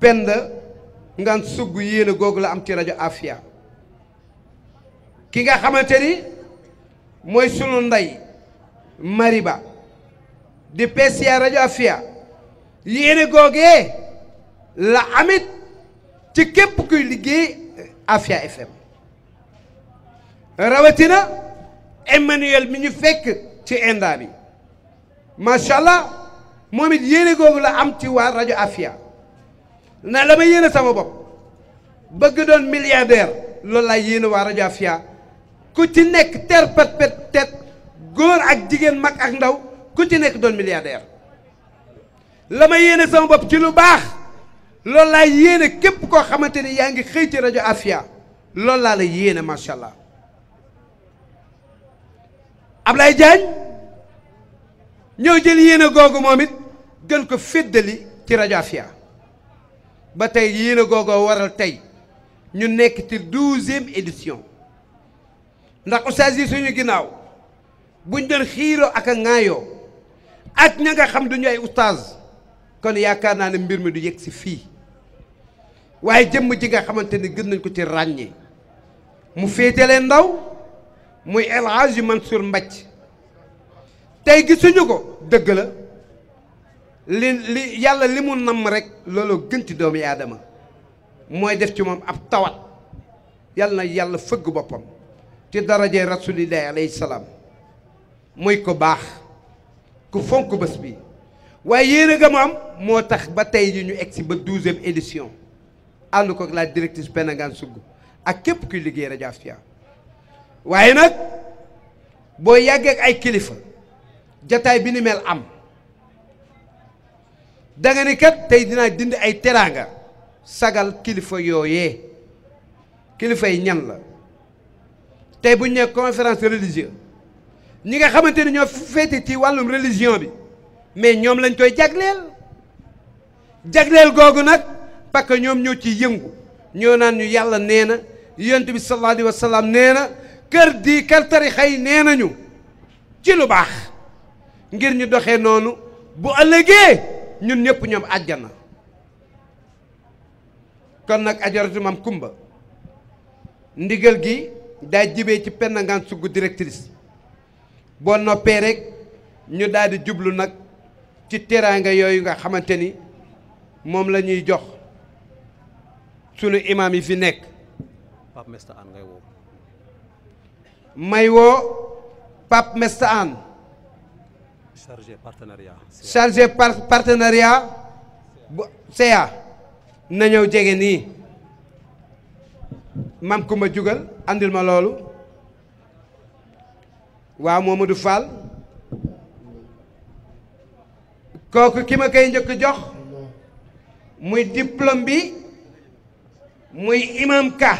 pend ngan sugg yéene googu la am ci rajo Afia. ki nga xamante ni mooy sunu ndey Mariba di PCA rajo Afia yéene googee la amit ci képp kuy liggéey Afia FM rawatina Emmanuel mi ñu fekk ci inda bi macha allah moom it yéene googu la am ci waa rajo Afia na la ma yéene sama bopp bëgg doon milliardaire loolu laa yéene waa rajo Afia ku ci nekk ter tet góor ak jigéen mag ak ndaw ku ci nekk doon milliardaire la ma yéene sama bopp ci lu baax loolu laa yéene képp koo xamante ni yaa ngi xëy ci rajo Afia lool laa la yéene macha allah Ablaye Diagne ñëw jël yéene googu moom it gën ko féddali ci rajo Afia ba tey yéene googoo waral tey ñu nekk ci douzième édition ndax ustaas yi suñu ginnaaw buñ doon xiiroo ak a ŋaayoo ak ña nga xam duñu ay ustaas kon yaakaar naa ne mbir mi du yegg si fii waaye jëmm ji nga xamante ni gën nañ ko ci ràññee mu féete ndaw muy El man Mansour Mbacc tey gisuñu ko dëgg la li li yàlla li mu namm rek looloo gën ci doomu yaadama mooy def ci moom ab tawat yàlla na yàlla fëgg boppam ci daraje rasulillahi alayhi salaam muy ko baax ku fonk bés bi waaye yéene ga mu moo tax ba tey ji ñu egsi ba douzième édition ànd ko ak la directrice Penangaan Sougou ak képp kuy liggéey rajo Afia waaye nag boo yàggee ay kilifa jataay bi ni mel am danga ni kat tey dinaa dindi ay teraanga sagal kilifa yooyee kilifa yi ñan la tey bu ñu nee conférence religieuse ñi nga xamante ni ñoo féete ci wàllum rélision bi mais ñoom lañ koy jagleel jagleel googu nag parce que ñoom ñoo ci yëngu ñoo naan ñu yàlla nee na yonent bi sallallahu alayhi wa nee na kër di kër tarixa nee nañu ci lu baax ngir ñu doxee noonu bu ëllëgee ñun ñëpp ñoom àjjana kon nag ajaratu mam kumba ndigal gi daa jibee ci penn ngaan sugg directrice boo noppee rek ñu daal di jublu nag ci teraanga yooyu nga xamante ni moom la ñuy jox sunu imam yi fi nekk Pape Mesta An may woo Pape Mesta An chargé partenariat chargé partenariat bu CA na ñëw jege nii mam ma jugal andil ma loolu waaw Momadou Fall kooku ki ma koy njëkk jox muy diplôme bi muy imam ka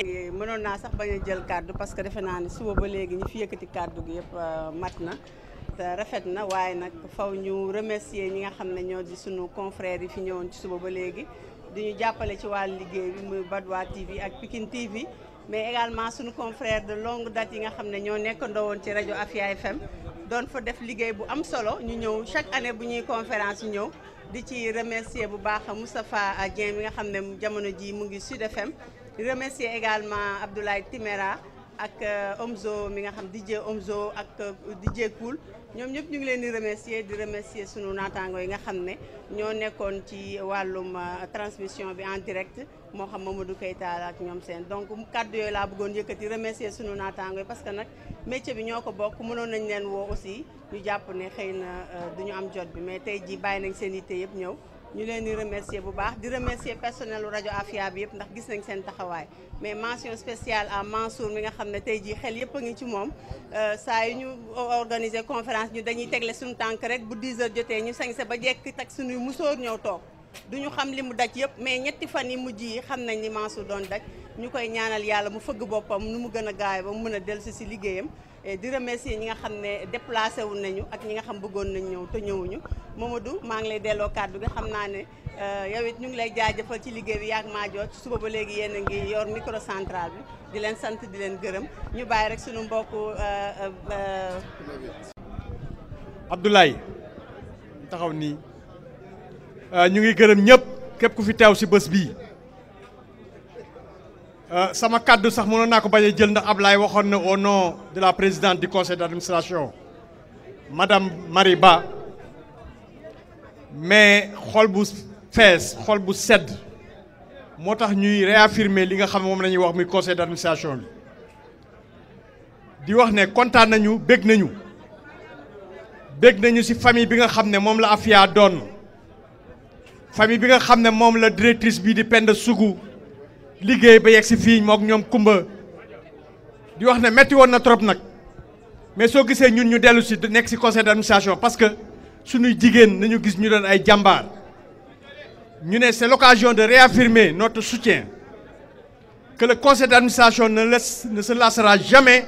eh, mënoon naa sax bañ a jël kàddu parce que defe naa ne suba ba léegi ñu fi yëkkati kàddu gi yëpp euh, mat na te rafet na waaye nag faw ñu remercier ñi nga xam ne ñoo di sunu confrères yi fi ñëwoon ci suba ba léegi di ñu jàppale ci wàll liggéey bi mu Badwa TV ak Pikine TV mais également suñu confrère de longue date yi nga xam ne ñoo nekk ndawoon ci rajo Afia FM doon fa def liggéey bu am solo ñu ñëw chaque année bu ñuy conférence ñu ñëw di ci remercier bu baax Moustapha Dieng mi nga xam ne jamono ji mu ngi Sud FM remercier également Abdoulaye Timéra ak euh, Omzo mi nga xam di DJ Omzo ak euh, DJ Cool ñoom ñëpp ñu ngi leen di remercier di remercier sunu naataango yi nga xam ne ñoo nekkoon ci wàllum euh, transmission bi en direct moo xam ma Mamadou du la ak ñoom seen donc kàddu yooyu laa bëggoon yëkkati remercier sunu naataango yi parce que nag métier bi ñoo ko bokk mënoon nañ leen woo aussi ñu jàpp ne xëy na euh, du ñu am jot bi mais tey jii bàyyi nañ seen yitte yëpp ñëw. ñu leen di remercier bu baax di remercier personnel u rajo Afia bi yëpp ndax gis nañ seen taxawaay mais mention spéciale à Mansour mi nga xam ne tey jii xel yëpp a ngi ci moom euh, saa yu ñu organiser conférence ñu dañuy tegle suñu tànk rek bu 10 jotee ñu sañse ba jekk tak suñuy musóor ñëw toog du ñu xam li mu daj yëpp mais ñetti fan yi mujj yi xam nañ ni Mansour doon daj ñu koy ñaanal yàlla mu fëgg boppam nu mu gën a gaay ba mu mën a dellu si si liggéeyam Eh, di remercier ñi nga xam ne déplacé wu nañu ak ñi nga xam bëggoon nañ ñëw te ñëwuñu Mamadou maa ngi lay delloo kàddu gi xam naa ne eh, yow it ñu ngi lay jaajëfal ci liggéey bi yaag maa jot suba ba léegi yéen ngi yor microcentral bi di leen sant di leen gërëm ñu bàyyi rek sunu suñu mbokku eh, Abdoulaye taxaw nii ñu ngi gërëm ñëpp képp ku fi teew si bës bii Euh, sama kàddu sax mënoon naa ko bañ a jël ndax Ablaye waxoon na au nom de la présidente di conseil d' administration madame Marie Ba mais xol bu fees xol bu sedd moo tax ñuy réaffirmer li nga xam moom la ñuy wax muy conseil d' administration bi di wax ne kontaan nañu bég nañu bég nañu ci famille bi nga xam ne moom la Afia doon famille bi nga xam ne moom la directrice bii di Penda Sougou liggéey ba yegg si fii mook ñoom kumba di wax ne metti woon na trop nag mais soo gisee ñun ñu dellu si nekk si conseil d'administration parce que suñuy jigéen nañu gis ñu doon ay jàmbaar ñu ne c'est l'occasion de réaffirmer notre soutien que le conseil d'administration ne laisse ne se lassera jamais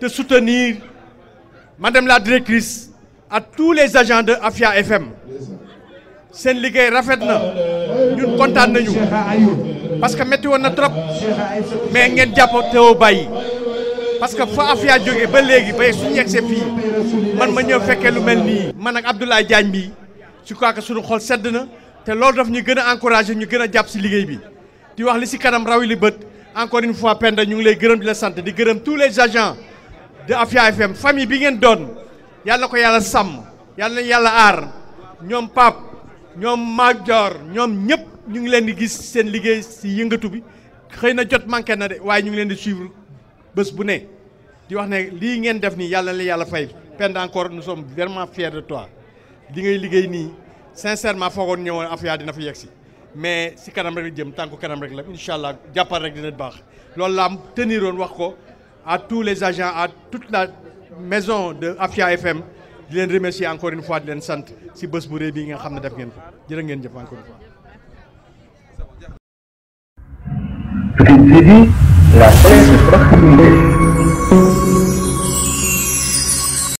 de soutenir madame la directrice à tous les agents de Afia FM seen liggéey rafet na ñun kontaan nañu parce que métti woon na trop mais ngeen jàpp teewoo bàyyi parce que fa Afia jógee ba léegi ba suñu yegsee fii man ma ñëw fekkee lu mel nii. man ak Abdoulaye jaañ bi je crois que suñu xol sedd na te loolu daf ñu gën a encouragé ñu gën a jàpp si liggéey bi di wax li si kanam raw li bët encore une fois Penda ñu ngi lay gërëm di la sant di gërëm tous les agents de Afia FM famille bi ngeen doon yàlla ko yàlla sàmm yàlla na yàlla aar ñoom Pape ñoom Madior ñoom ñëpp. ñu ngi leen di gis seen liggéey si yëngatu bi xëy na jot manqué na de waaye ñu ngi leen di suivre bës bu ne di wax ne lii ngeen def nii yàlla la yàlla fay Penda encore nous sommes vraiment fiers de toi li ngay liggéey nii sincèrement foogoon ñëwoon Afia dina fa yegg si mais si kanam rek la jëm tànk kanam rek la incha allah jàppal rek dina baax loolu laa teniroon wax ko à tous les agents à toute la maison de Afia FM di leen remercier encore une fois di leen sant si bés bu rëy bii nga xam ne def ngeen jërë ngeen jëf encore une Recibí la plena proximidad